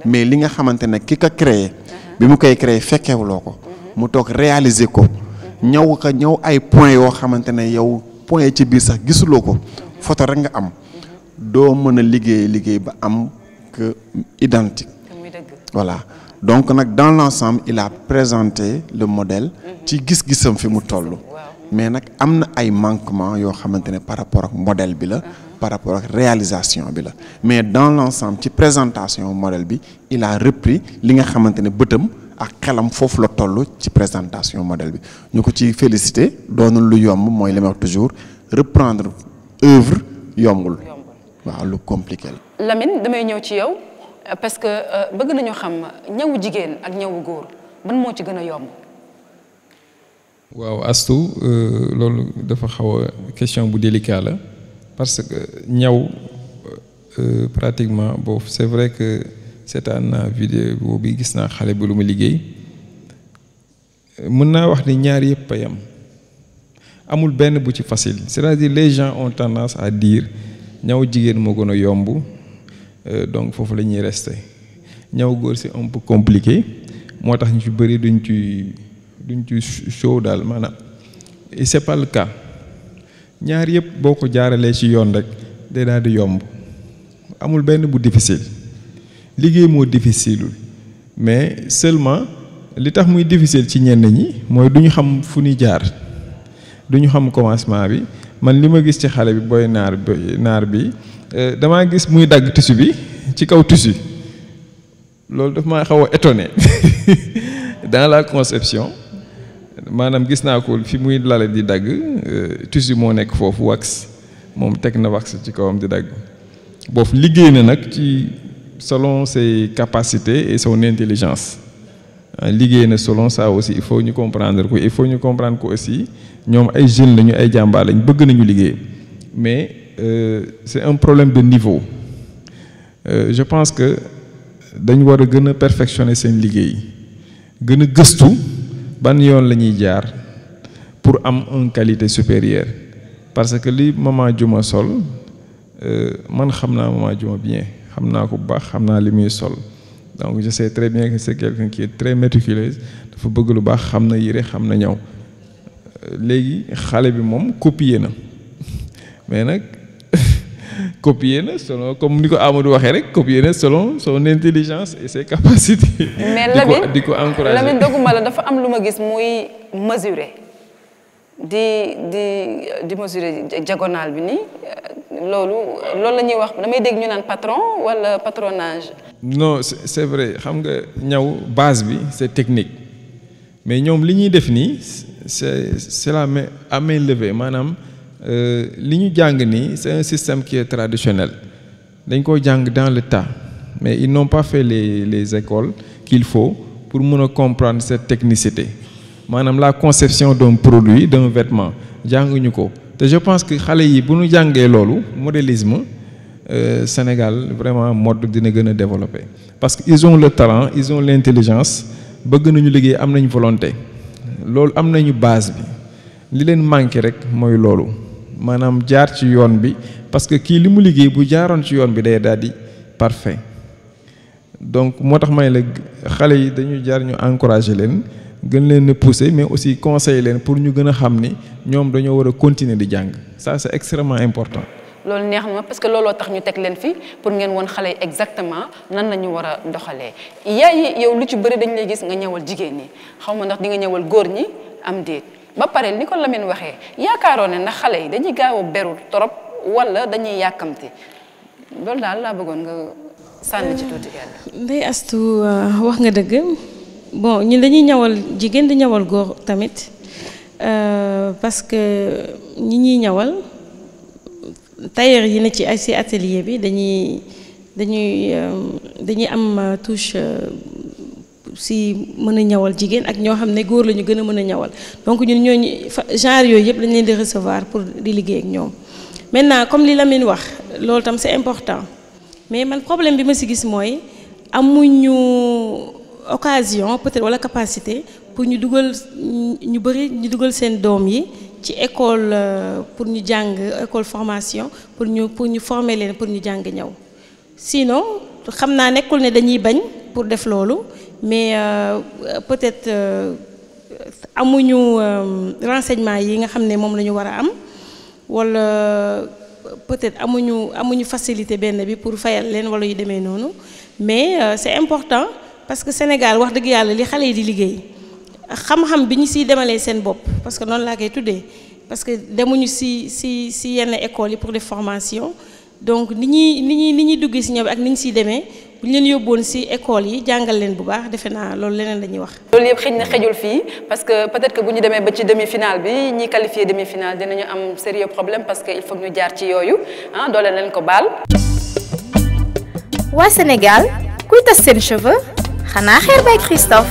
mais li nga xamante ne ki ko créer. bi mu koy créer fekkewuloo ko. mu toog réaliser ko. ñaw ko ñaw ay point yoo xamante ne yow point ci biir sax gisuloo ko. photo rek nga am. doo mën a liggéey liggéey ba am que identique. voilà. donc nak, dans l'ensemble, il a présenté le modèle ci gis-gisam fi mu toll mais nak, amna ay manquement yo xamante par rapport au modèle bi la par rapport la réalisation bi la mais dans l'ensemble, ensemble ci présentation modèle bi il a repris li nga xamante ne bëtam ak xelam foofu la toll ci présentation modèle bi ñu ko ci féliciter, doonul lu yom moy li ma wax toujours reprendre œuvre yomul. Wa lu compliqué la Lamine damay ñew ci yow parce que euh, bëgg nañu xam ñawu jigéen ak ñawu góor ban moo ci gën a yomb. waaw astu euh, loolu dafa xaw question bu délicat la parce que ñaw euh, pratiquement boobu c'est vrai que seetaan naa vidéo bi gis naa xale bi lu mu liggéey mën naa wax ni ñaar yëpp a amul benn bu ci facile c'est-à-dire les gens on tendance à diir ñaw jigéen moo gën a yomb. Euh, donc fofu lañuy resté ñaw goor c'est un peu compliqué motax ñu ci bëri duñ ci duñ ci show dal manam et c'est pas le cas ñaar yëpp boko ko ci yoon rek day daal di yomb amul benn bu difficile liggéey moo difficile mais seulement li tax muy difficile ci ñenn ñi mooy du xam fu ñuy jaar du xam commencement bi man li ma gis ci xale bi booy naar bi naar bi euh, damaa gis muy dag tissu bi ci kaw tissu étonné dans la conception manam gis na ko fi muy lalé di dag euh, tissu wax na wax ci kawam di liggéey na selon ses capacités et son intelligence euh, liggéey na selon ça aussi il faut ñu comprendre ko il faut ñu comprendre ko aussi ay lañu mais. Euh, c'est un problème de niveau euh, je pense que dañ war perfectionner seen liggéey gën a gëstu ban yoon la jaar pour am une qualité supérieure parce que li Mama Juma sol euh, man xam maman Mama bien xam naa ko bu baax xam sol donc je sais très bien que c'est quelqu'un qui est très méticuleux dafa bëgg lu baax xam na yére xam na ñëw euh, léegi bi moom copier na mais nag copier ne selon comme ni Amadou waxee rek copier ne selon son intelligence et ses capacités. mais Lamine di ko encouragé Lamine doguma la dafa am luma ma gis muy mesurer di di di mesurer diagonale bi ni loolu loolu la ñuy wax damay dégg ñu naan patron wala patronage. non c'est vrai xam nga ñaw base bi c'est technique mais ñom li ñuy def ni c'est c'est la main à main ce que nous c'est un système qui est traditionnel dañ ko dans le tas mais ils n'ont pas fait les écoles qu'il faut pour comprendre cette technicité maanaam la conception d'un produit d'un vêtement Nous je pense que xale yi bu ñu modélisme euh, Sénégal vraiment mode de gën développer parce qu'ils ont le talent ils ont l'intelligence ils nañu liggéey volonté Ils ont nañu base bi li leen que rek manam jaar ci yoon bi parce que ki limu mu liggéey bu jaaroon ci yoon bi day daal di parfait donc moo tax may la xale yi dañu jaar ñu encourager leen gën leen a pousser mais aussi conseiller leen pour ñu gën a xam ni ñoom dañoo war a continuer di jàng ça c'est extrêmement important. loolu neex ma parce que looloo tax ñu teg leen fi pour ngeen woon xale yi exactement nan la ñu war a doxalee yaay yi yow lu ci bëri dañ lay gis nga ñëwal jigéen ñi xaw ma ndax di nga ñëwal góor ñi am déet. ba pare ni ko Lamine waxee yaakaaroo ne ndax xale yi dañuy gaaw a berul torop walla dañuy yàkkamti loolu daal laa bëggoon nga sànni ci tuuti kenn. Ndeye Astou euh, wax nga dëgg bon ñu dañuy ñawal jigéen di ñawal góor tamit euh, parce que ñi ñuy ñawal tailleur yi ne ci ay si atelier bi dañuy dañuy euh, dañuy am touche. si mën a jigen ak ñoo xam goor lañu gëna ñu gën ñawal donc ñun ñooñu genre yoy yëpp lañu leen di recevoir pour di liggéey ak ñoom maintenant comme li Lamine wax lool tam c'est important mais man problème bi ma si gis moy amuñu occasion peut-être wala capacité pour ñu duggal ñu bëri ñu duggal seen doom yi ci école euh, pour ñu jàng école formation pour ñu pour ñu former leen pour ñu jàng ñaw sinon xamna nekul nekkul ne dañuy bañ pour def loolu mais euh, peut-être euh, amuñu euh, renseignement yi nga xamné mom lañu wara am wala peut-être amuñu amuñu facilité benn bi pour fayal len wala yu demee noonu mais c'est important parce que Sénégal wax deug Yalla li xalé di liggéey xam-xam biñu ñu démalé sen bop parce que non la kay tuddee parce que demuñu si si si yenn école yi pour des formations donc ni ni ni ni ñuy ci si ak ni ci démé demee leen yóbboon si école yi jàngal leen bu baax défé na loolu leneen lañuy wax. loolu yëpp xëñ na xëjul fi parce que peut-être que buñu démé ba ci demi-finale bi ñi qualifié demi-finale dinañu am sérieux problème parce que il faut ñu jaar ci yoyu hein, ah, doole leen ko baal. wa Sénégal kuy tas sen cheveux xana xeer bay Christophe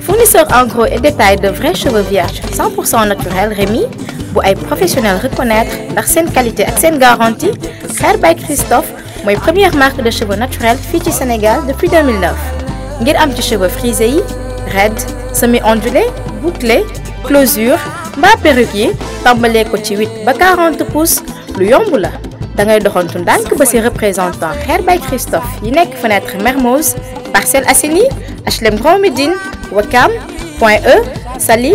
fournisseur en gros et détail de vrais cheveux vierges 100% naturel, Rémy bu ay professionnels reconnaître ndax seen qualité ak seen garantie Hair by Christophe la première marque de cheveux naturels fii Sénégal depuis 2009 ngir am ci cheveux frisés yi raides semi-ondulés bouclés closure bas perruque yi tàmbalee ko ci 8 ba 40 pouces lu yomb la da ngay doxantu ndànk ba ci représentant Hair by Christophe yi fenêtre Mermoz Parcelles Assini, HLM Grand Médine Wakam Point E Sali,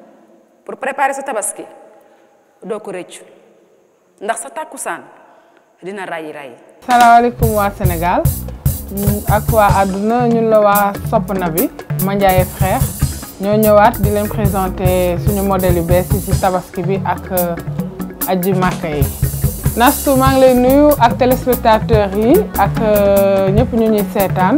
pour préparer sa tabaski doo ko rëccu ndax sa tàkkusaan dina rayi rayi salaamaaleykum waa Sénégal ak waa àdduna ñun la waa Sopp Nabi Mandiaye frère ñoo ñëwaat di leen présenté suñu modèle yu bees yi si tabaski bi ak euh, aji màkka yi Nastu maa ngi lay nuyu ak téléspectateurs yi ak euh, ñëpp ñu ñuy seetaan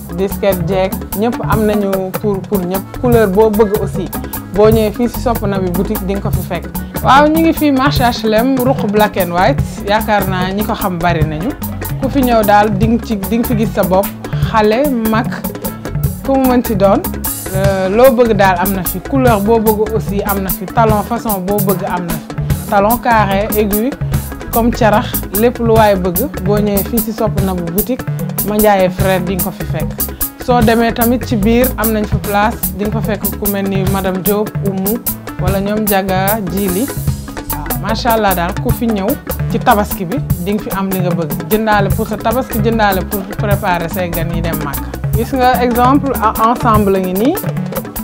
disquette jeeg ñëpp am nañu pour pour ñëpp couleur boo bëgg aussi boo ñëwee fii si sopp na bi boutique di nga ko fi fekk. waaw ñu ngi fi marché HLM ruq black and white yaakaar naa ñi ko xam bari nañu ku fi ñëw daal di nga ci di nga fi gis sa bopp xale mag ku mu mënti doon. Euh, loo bëgg daal am na fi couleur boo bëgg aussi am na fi talon façon boo bëgg am na fi talon carré aigu comme carax lépp lu waaye bëgg boo ñëwee fii ci Sope Nabou boutique Mandiaye frère di nga ko fi fekk soo demee tamit ci biir am nañ fa place di nga fekk ku mel ni madame Diop Oumou wala ñoom jaga jiili waaw macha allah daal ku fi ñëw ci tabaski bi di nga fi am li nga bëgg jëndaale pour sa tabaski jëndaale pour préparer se gan yi dem màkk. gis nga exemple ensemble ngi nii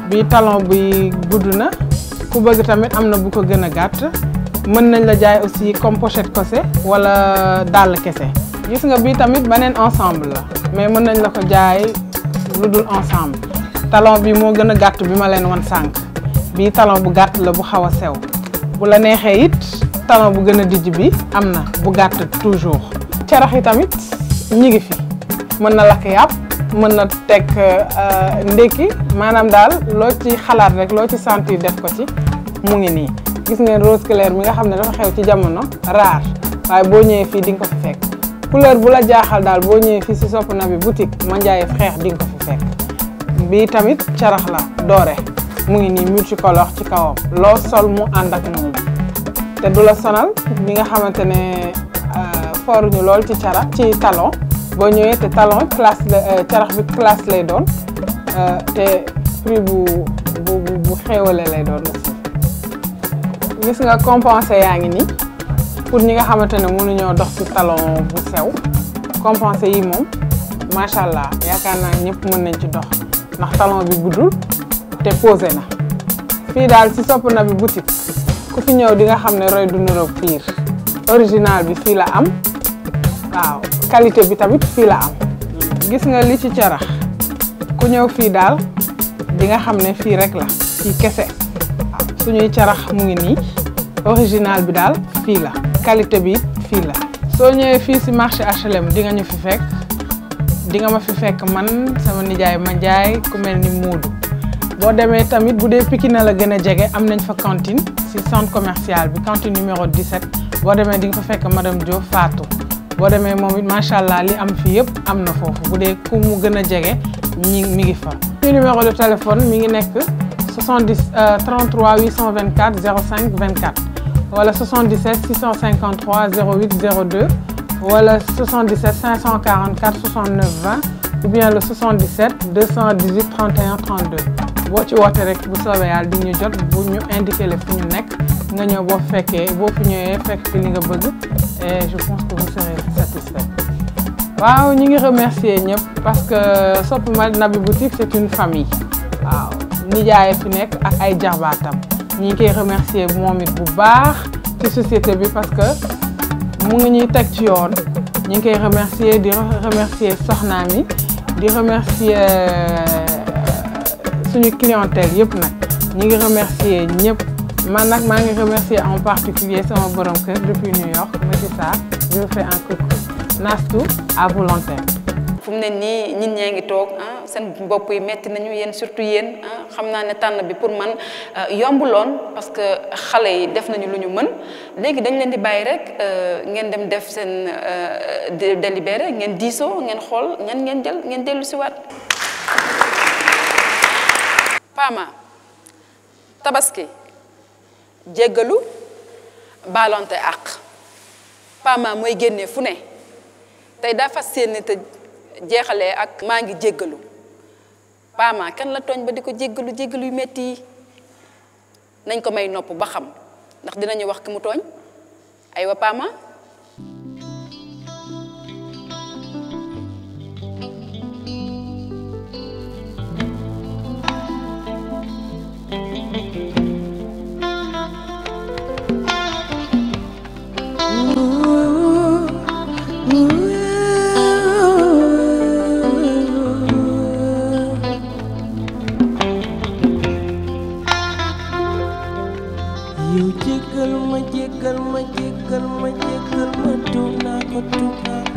bi talon bi gudd na ku bëgg tamit am na bu ko gën a gàtt mën nañ la jaay aussi comme pochette kese wala dàll kese. gis nga bi tamit beneen ensemble la mais mën nañ la ko jaay lu ensemble talon bi mo gëna gatt gàtt bi ma leen wan sànq bii talon bu gatt la bu xawa sew bu la nexé it talon bu gëna dijj bi amna bu gatt toujours cerax yi tamit ñi ngi fi mën na lakk yàpp mën na tek euh, ndékki manam dal lo ci xalaat rek lo ci sentir def ko ci mu ngi ni gis ngeen rose claire mi nga xamne dafa xew ci jamono rare waaye bo ñewé fi di nga ko fekk couleur bu la jaaxal daal boo ñëwee fii si Sope Nabi boutique Mandiaye Frères di ko fi fekk bii tamit carax la doré mu ngi nii multicolore ci kawam loo sol mu ànd ak moom te du la sonal ñi nga xamante ne euh, fooruñu lool ci cara ci talon boo ñëwee te talon classe la euh, bi classe lay doon euh, te prix bu bu bu xéewale lay doon aussi gis nga compensé yaa ngi pour ñi nga xamantene mënu ñoo dox ci talon bu sew compenser yi mom machallah allah yaakaar naa ñëpp mën nañ ci dox ndax talon bi guddul té posé na fi dal ci sopp na bi boutique ku fi ñew di nga xamne roy du nuro piir original bi fi la am waaw qualité bi tamit fi la am gis nga li ci carax ku ñew fi dal di nga xamne fi rek la ci kese suñuy carax mu ngi ni original bi dal fi la qualité bi fii la soo ñëwee fii si marché HLM di nga ñu fi fekk di nga ma fi fekk man sama nijaay ma jaay ku mel ni Moodu boo demee tamit bu dee Pikine la gën a jege am nañ fa cantine si centre commercial bi cantine numéro 17 boo demee di nga fa fekk madame Diop Fatou boo demee moom it macha allah li am fii yëpp am na foofu bu dee ku mu gën a jege ñi mi ngi fa. suñu numéro de téléphone mi ngi nekk 70 33 824 05 24. Voilà 77 653 08 02 voilà 77 544 69 20 ou bien le 77 218 31 32 Si ci rek bu vous et je pense que vous serez satisfait waaw ngi remercier parce que euh, Nabi Boutique c'est une famille Nous avons fi nekk ak ñu koy remercier moom bu baax ci société bi parce que mu ngi ñuy teg ci yoon ñi ngi koy remercier di remercier soxnaam yi di remercier euh, suñu clientèle yëpp nag ñi ngi remercier ñëpp man nag maa ngi remercier en particulier sama borom kër depuis New York Monsieur Sarr je vous fais un coucou Nastou à vous l'antenne fu mu ne nii ñun ñaa ngi toog sen bop yi metti nañu yeen surtout yeen ah, xamna ne tan bi pour man ah, yombulon parce que xalé yi def nañu luñu mën légui dañ leen di bay rek ah, ngeen dem def sen délibéré ngeen diso ngeen xol ñan ngeen jël ngeen dellu ci wat pama tabaski djegalu balonté ak pama moy génné fu ne tey daa te jeexalee ak maangi djegalu paama kan la tooñ ba di ko jéggalu jéggalu yu metti yi nañ ko may nopp ba xam ndax dinañu wax ki mu tooñ ay aywa paama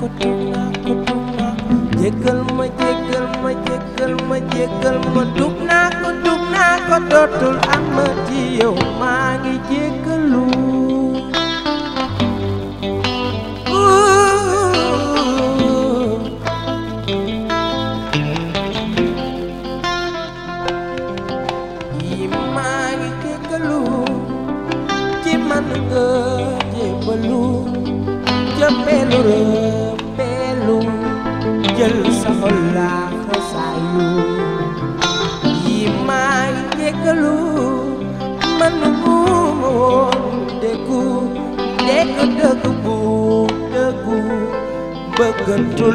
kodunga kodunga jekel ma jekel ma jekel ma jekel ma dugna ko dugna ko dootul amati yow maa ngi jekelu Jepeluru nga dëgg bu dëggu bëggantu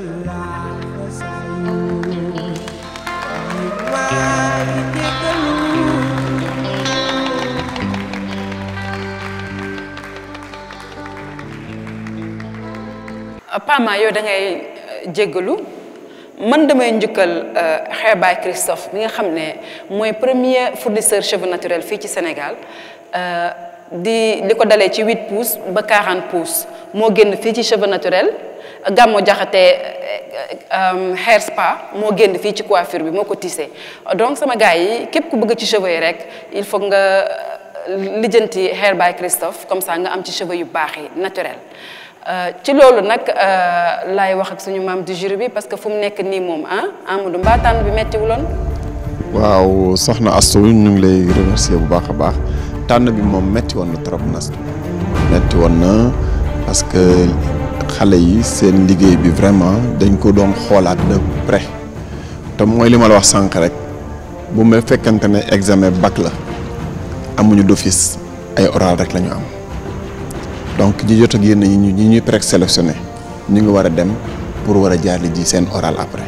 Pama yo da ngay djeglu eh, man damay ndukal Xeebaay eh, Christophe mi nga xam moy premier fournisseur cheveux naturel fi ci Sénégal eh, di li dalé ci 8 pouces ba 40 pouces mo genn fi ci cheveux naturel Gammo Jaxate euh, euh, hair spa moo génn fii ci coiffure bi moo ko tissé donc sama gars yi képp ku bëgg ci cheveux yi rek il foog nga euh, lijjanti hair by Christophe comme sax nga am ci cheveux yu baax yi naturel ci loolu nag laay wax ak suñu maam di jury bi parce que fu mu nekk nii moom ah Amadou mbaataan bi méttiwuloon waaw soxna Astou ñu ngi lay remercier bu baax a baax tànn bi moom métti woon na trop na métti woon na parce que xalé yi seen liggéey bi vraiment dañ ko doon xoolaat de près te mooy li ma la wax sànq rek bu ma fekkante ne examen bac la amuñu d'office ay oral rek lañu am donc ñi jot a génn ñi ñu ñi ñuy sélectionné ñu ngi war a dem pour war a jaarli ji seen oral après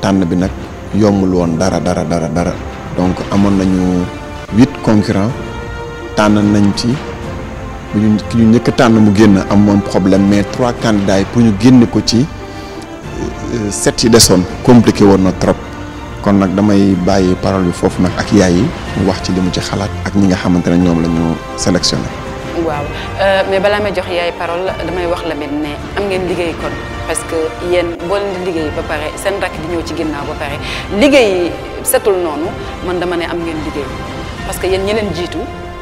tànn bi nag yombul woon dara dara dara dara donc amoon nañu huit concurrents tànn nañ ci. bu ñu ki ñu njëkk a tànn mu génn amoon problème mais trois candidats yi pour ñu génn ko ci euh, set yi desoon compliqué woon na trop kon nag damay bàyyi parole bi foofu nag ak yaay yi mu wax ci li mu ci xalaat ak ñi nga xamante ne ñoom la ñu sélectionné. waaw euh, mais balaa may jox yaay parole damay wax la mit ne am ngeen liggéey kon parce que yéen boo leen liggéey ba pare seen rakk di ñëw ci ginnaaw ba pare liggéey setul noonu man dama ne am ngeen liggéey parce que yéen ñeneen jiitu.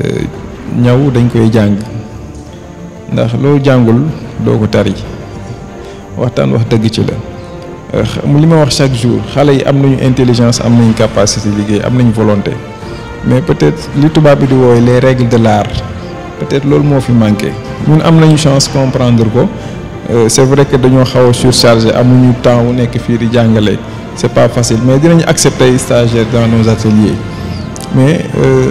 Euh, ñaw dañ koy jàng ndax loo jàngul doo ko tari waxtaan wax dëgg ci la li ma wax chaque jour xale yi am nañu intelligence am nañu capacité liggéey am nañu volonté mais peut-être li tubaab bi di wooy les règles de l'art peut-être loolu moo fi manqué ñun am nañu chance comprendre ko euh, c'est vrai que dañoo xaw a surchargé amuñu temps wu nekk fii di jàngale c'est pas facile mais dinañu accepter stagiaire dans nos ateliers mais euh,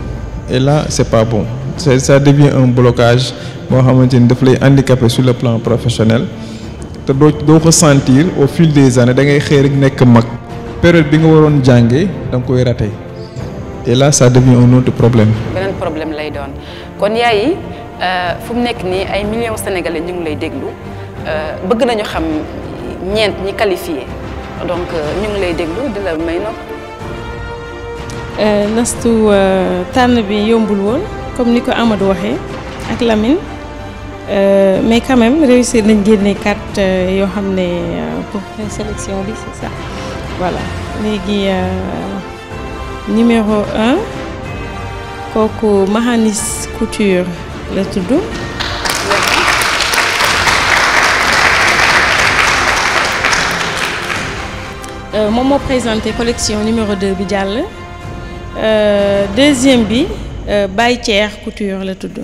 et là c'est pas bon ça devient un blocage boo xamante ni daf handicapé sur le plan professionnel te doo doo ko sentir au fil des années da ngay xëy rek nekk période bi nga waroon jàngee da koy raté et là ça devient un autre problème. benen problème lay doon kon yaay yi euh, fu mu nekk nii ay millions sénégalais ñu ngi lay déglu euh bëgg nañu xam ñeent ñi qualifié donc euh, ñu ngi lay déglu di la may nopp eh, nastu eh, tànn bi yombul woon comme ni ko Amadou waxee ak Lamine eh, mais quand même réussir nañ réussi à yoo xam ne pour sélection bi c'est ça voilà léegi numéro 1 kooku Mahanis Couture la tudd. moom moo présenté collection numéro 2 bi jàll. Euh, deuxième bi le euh, tout Couture la tudd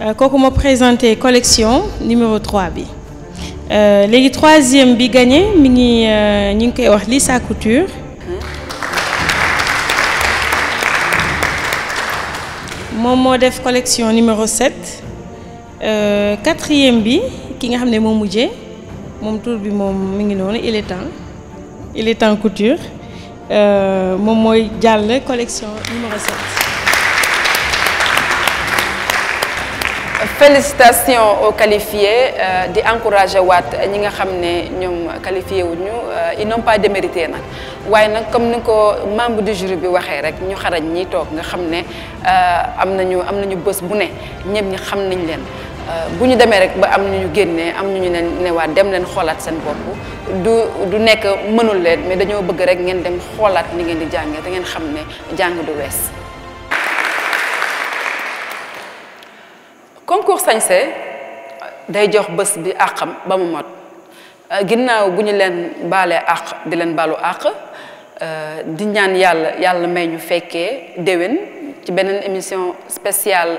vous euh, ma présenté collection numéro 3 bi troisième bi gagné mi ngi ñu koy Lisa Couture mon modèle def collection numéro 7 quatrième bi qui nga xamné mo moom tour bi mom mi ngi il est temps il est en couture euh mom moy jàll collection numéro 7. félicitations aux qualifiés euh di encourager wat ñi nga xam ne qualifié wuñu euh, ils n'ont pas démérité nak way nak comme niko membre du jury bi waxé rek ñu xarañ ñi tok nga xamné euh amnañu amnañu bëss bu né ñepp ñi xam nañ leen. Euh, bu ñu demee rek ba am ñu ñu génnee am ñu ñu ne waa dem leen xoolaat seen bopp du du nekk mënul leen mais dañoo bëgg rek ngeen dem xoolaat ni ngeen di jàngee da ngeen xam ne jàng du wees. concours sañse day jox bés bi àqam ba mu mot euh, ginnaaw bu ñu leen baalee àq di leen baalu àq euh, di ñaan yàlla yàlla may ñu fekkee déwén ci beneen émission spéciale.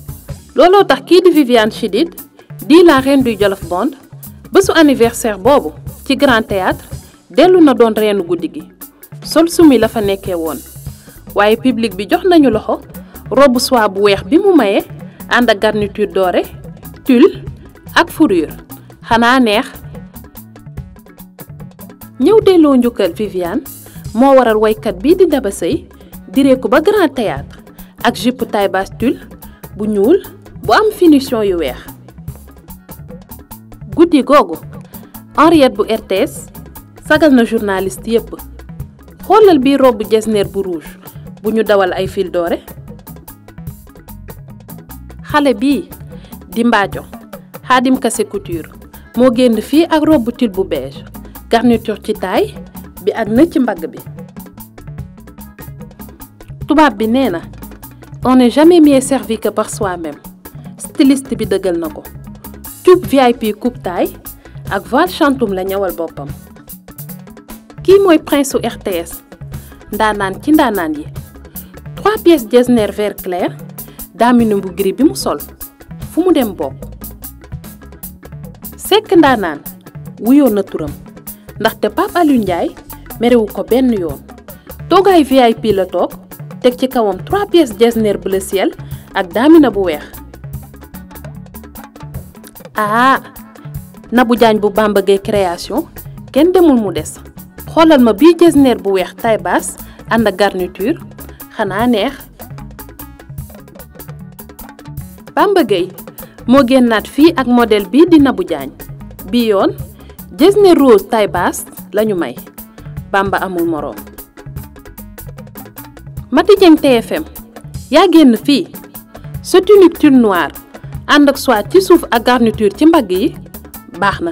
lolo tax ki di Viviane Chidid di la reine du Jolof Bond son anniversaire boobu ci Grand Théâtre dellu na doon reenu guddi sol sumi la fa nekkee woon public bi jox nañu loxo robe soie bu weex bi mu maye ak garniture dorée tulle ak fourrure xanaa neex ñëw delloo njukkal Viviane waral ba Grand Théâtre ak bu am finition yu weex Gogo..! Henriette bu RTS sagal na journaliste yépp xoolal robe jesner bu rouge bu dawal ay fil doore di kase couture moo ak beige garniture ci bi ak on n'est jamais mieux servi que par soi-même styliste bi dëggal na ko tube VIP coupe ak voile la ñawal boppam kii mooy prince u RTS ndaanaan ci ndaanaan yi trois pièces designer vert clair daaminu bu gris bi mu sol fu mu dem bokk sekk ndaanaan wuyoo na turam ndaxte Pape Aliou njaay merewu ko benn yoon toogaay VIP la toog teg ci kawam trois pièces designer bleu ak daamina bu weex ah nabu jaañ bu bamba gay création ken demul mu des xoolal ma bii jesner bu weex taille basse ànd garniture xanaa neex bamba gay moo génnaat fii ak modèle di nabu jaañ bi yoon jesner rose taille basse lañu may bamba amul moroom mati jeng tfm ya génn fii sa tunique tulle noire ànd ak soit ci suuf ak garniture ci mbagg yi baax na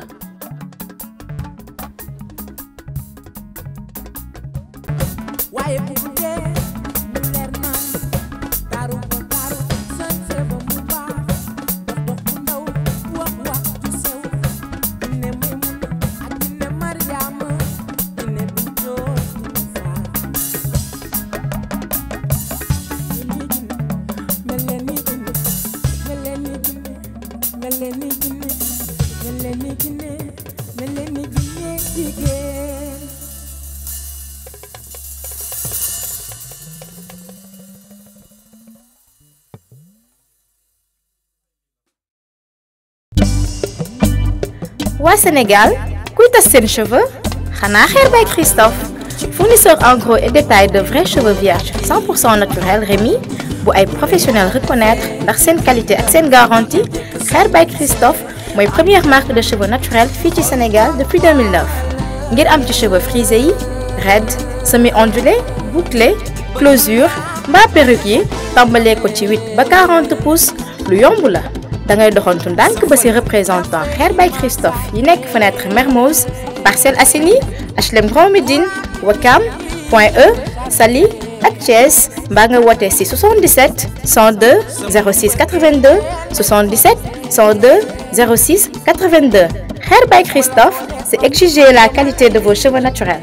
Sénégal kuy tas cheveux xanaa Hair Christophe fournisseur en gros et détail de vrais cheveux vierges 100% naturels Rémy pour les professionnels reconnaître ndax saine qualité et saine garantie Hair Christophe la première marque de cheveux naturels fii Sénégal depuis 2009 ngir am des cheveux frisés raides semi-ondulés bouclés closures bas perruquiers, tambalés tàmbalee 8 ba 40 pouces le yomboula da ngay doxantu ndànk ba si représentant Hair bay Christophe yi nekk fenêtre Mermoz parcelle assini HLM Grand Wakam Point E 77 102 06 82 77 102 06 82 Hair Christophe c'est exiger la qualité de vos cheveux naturels.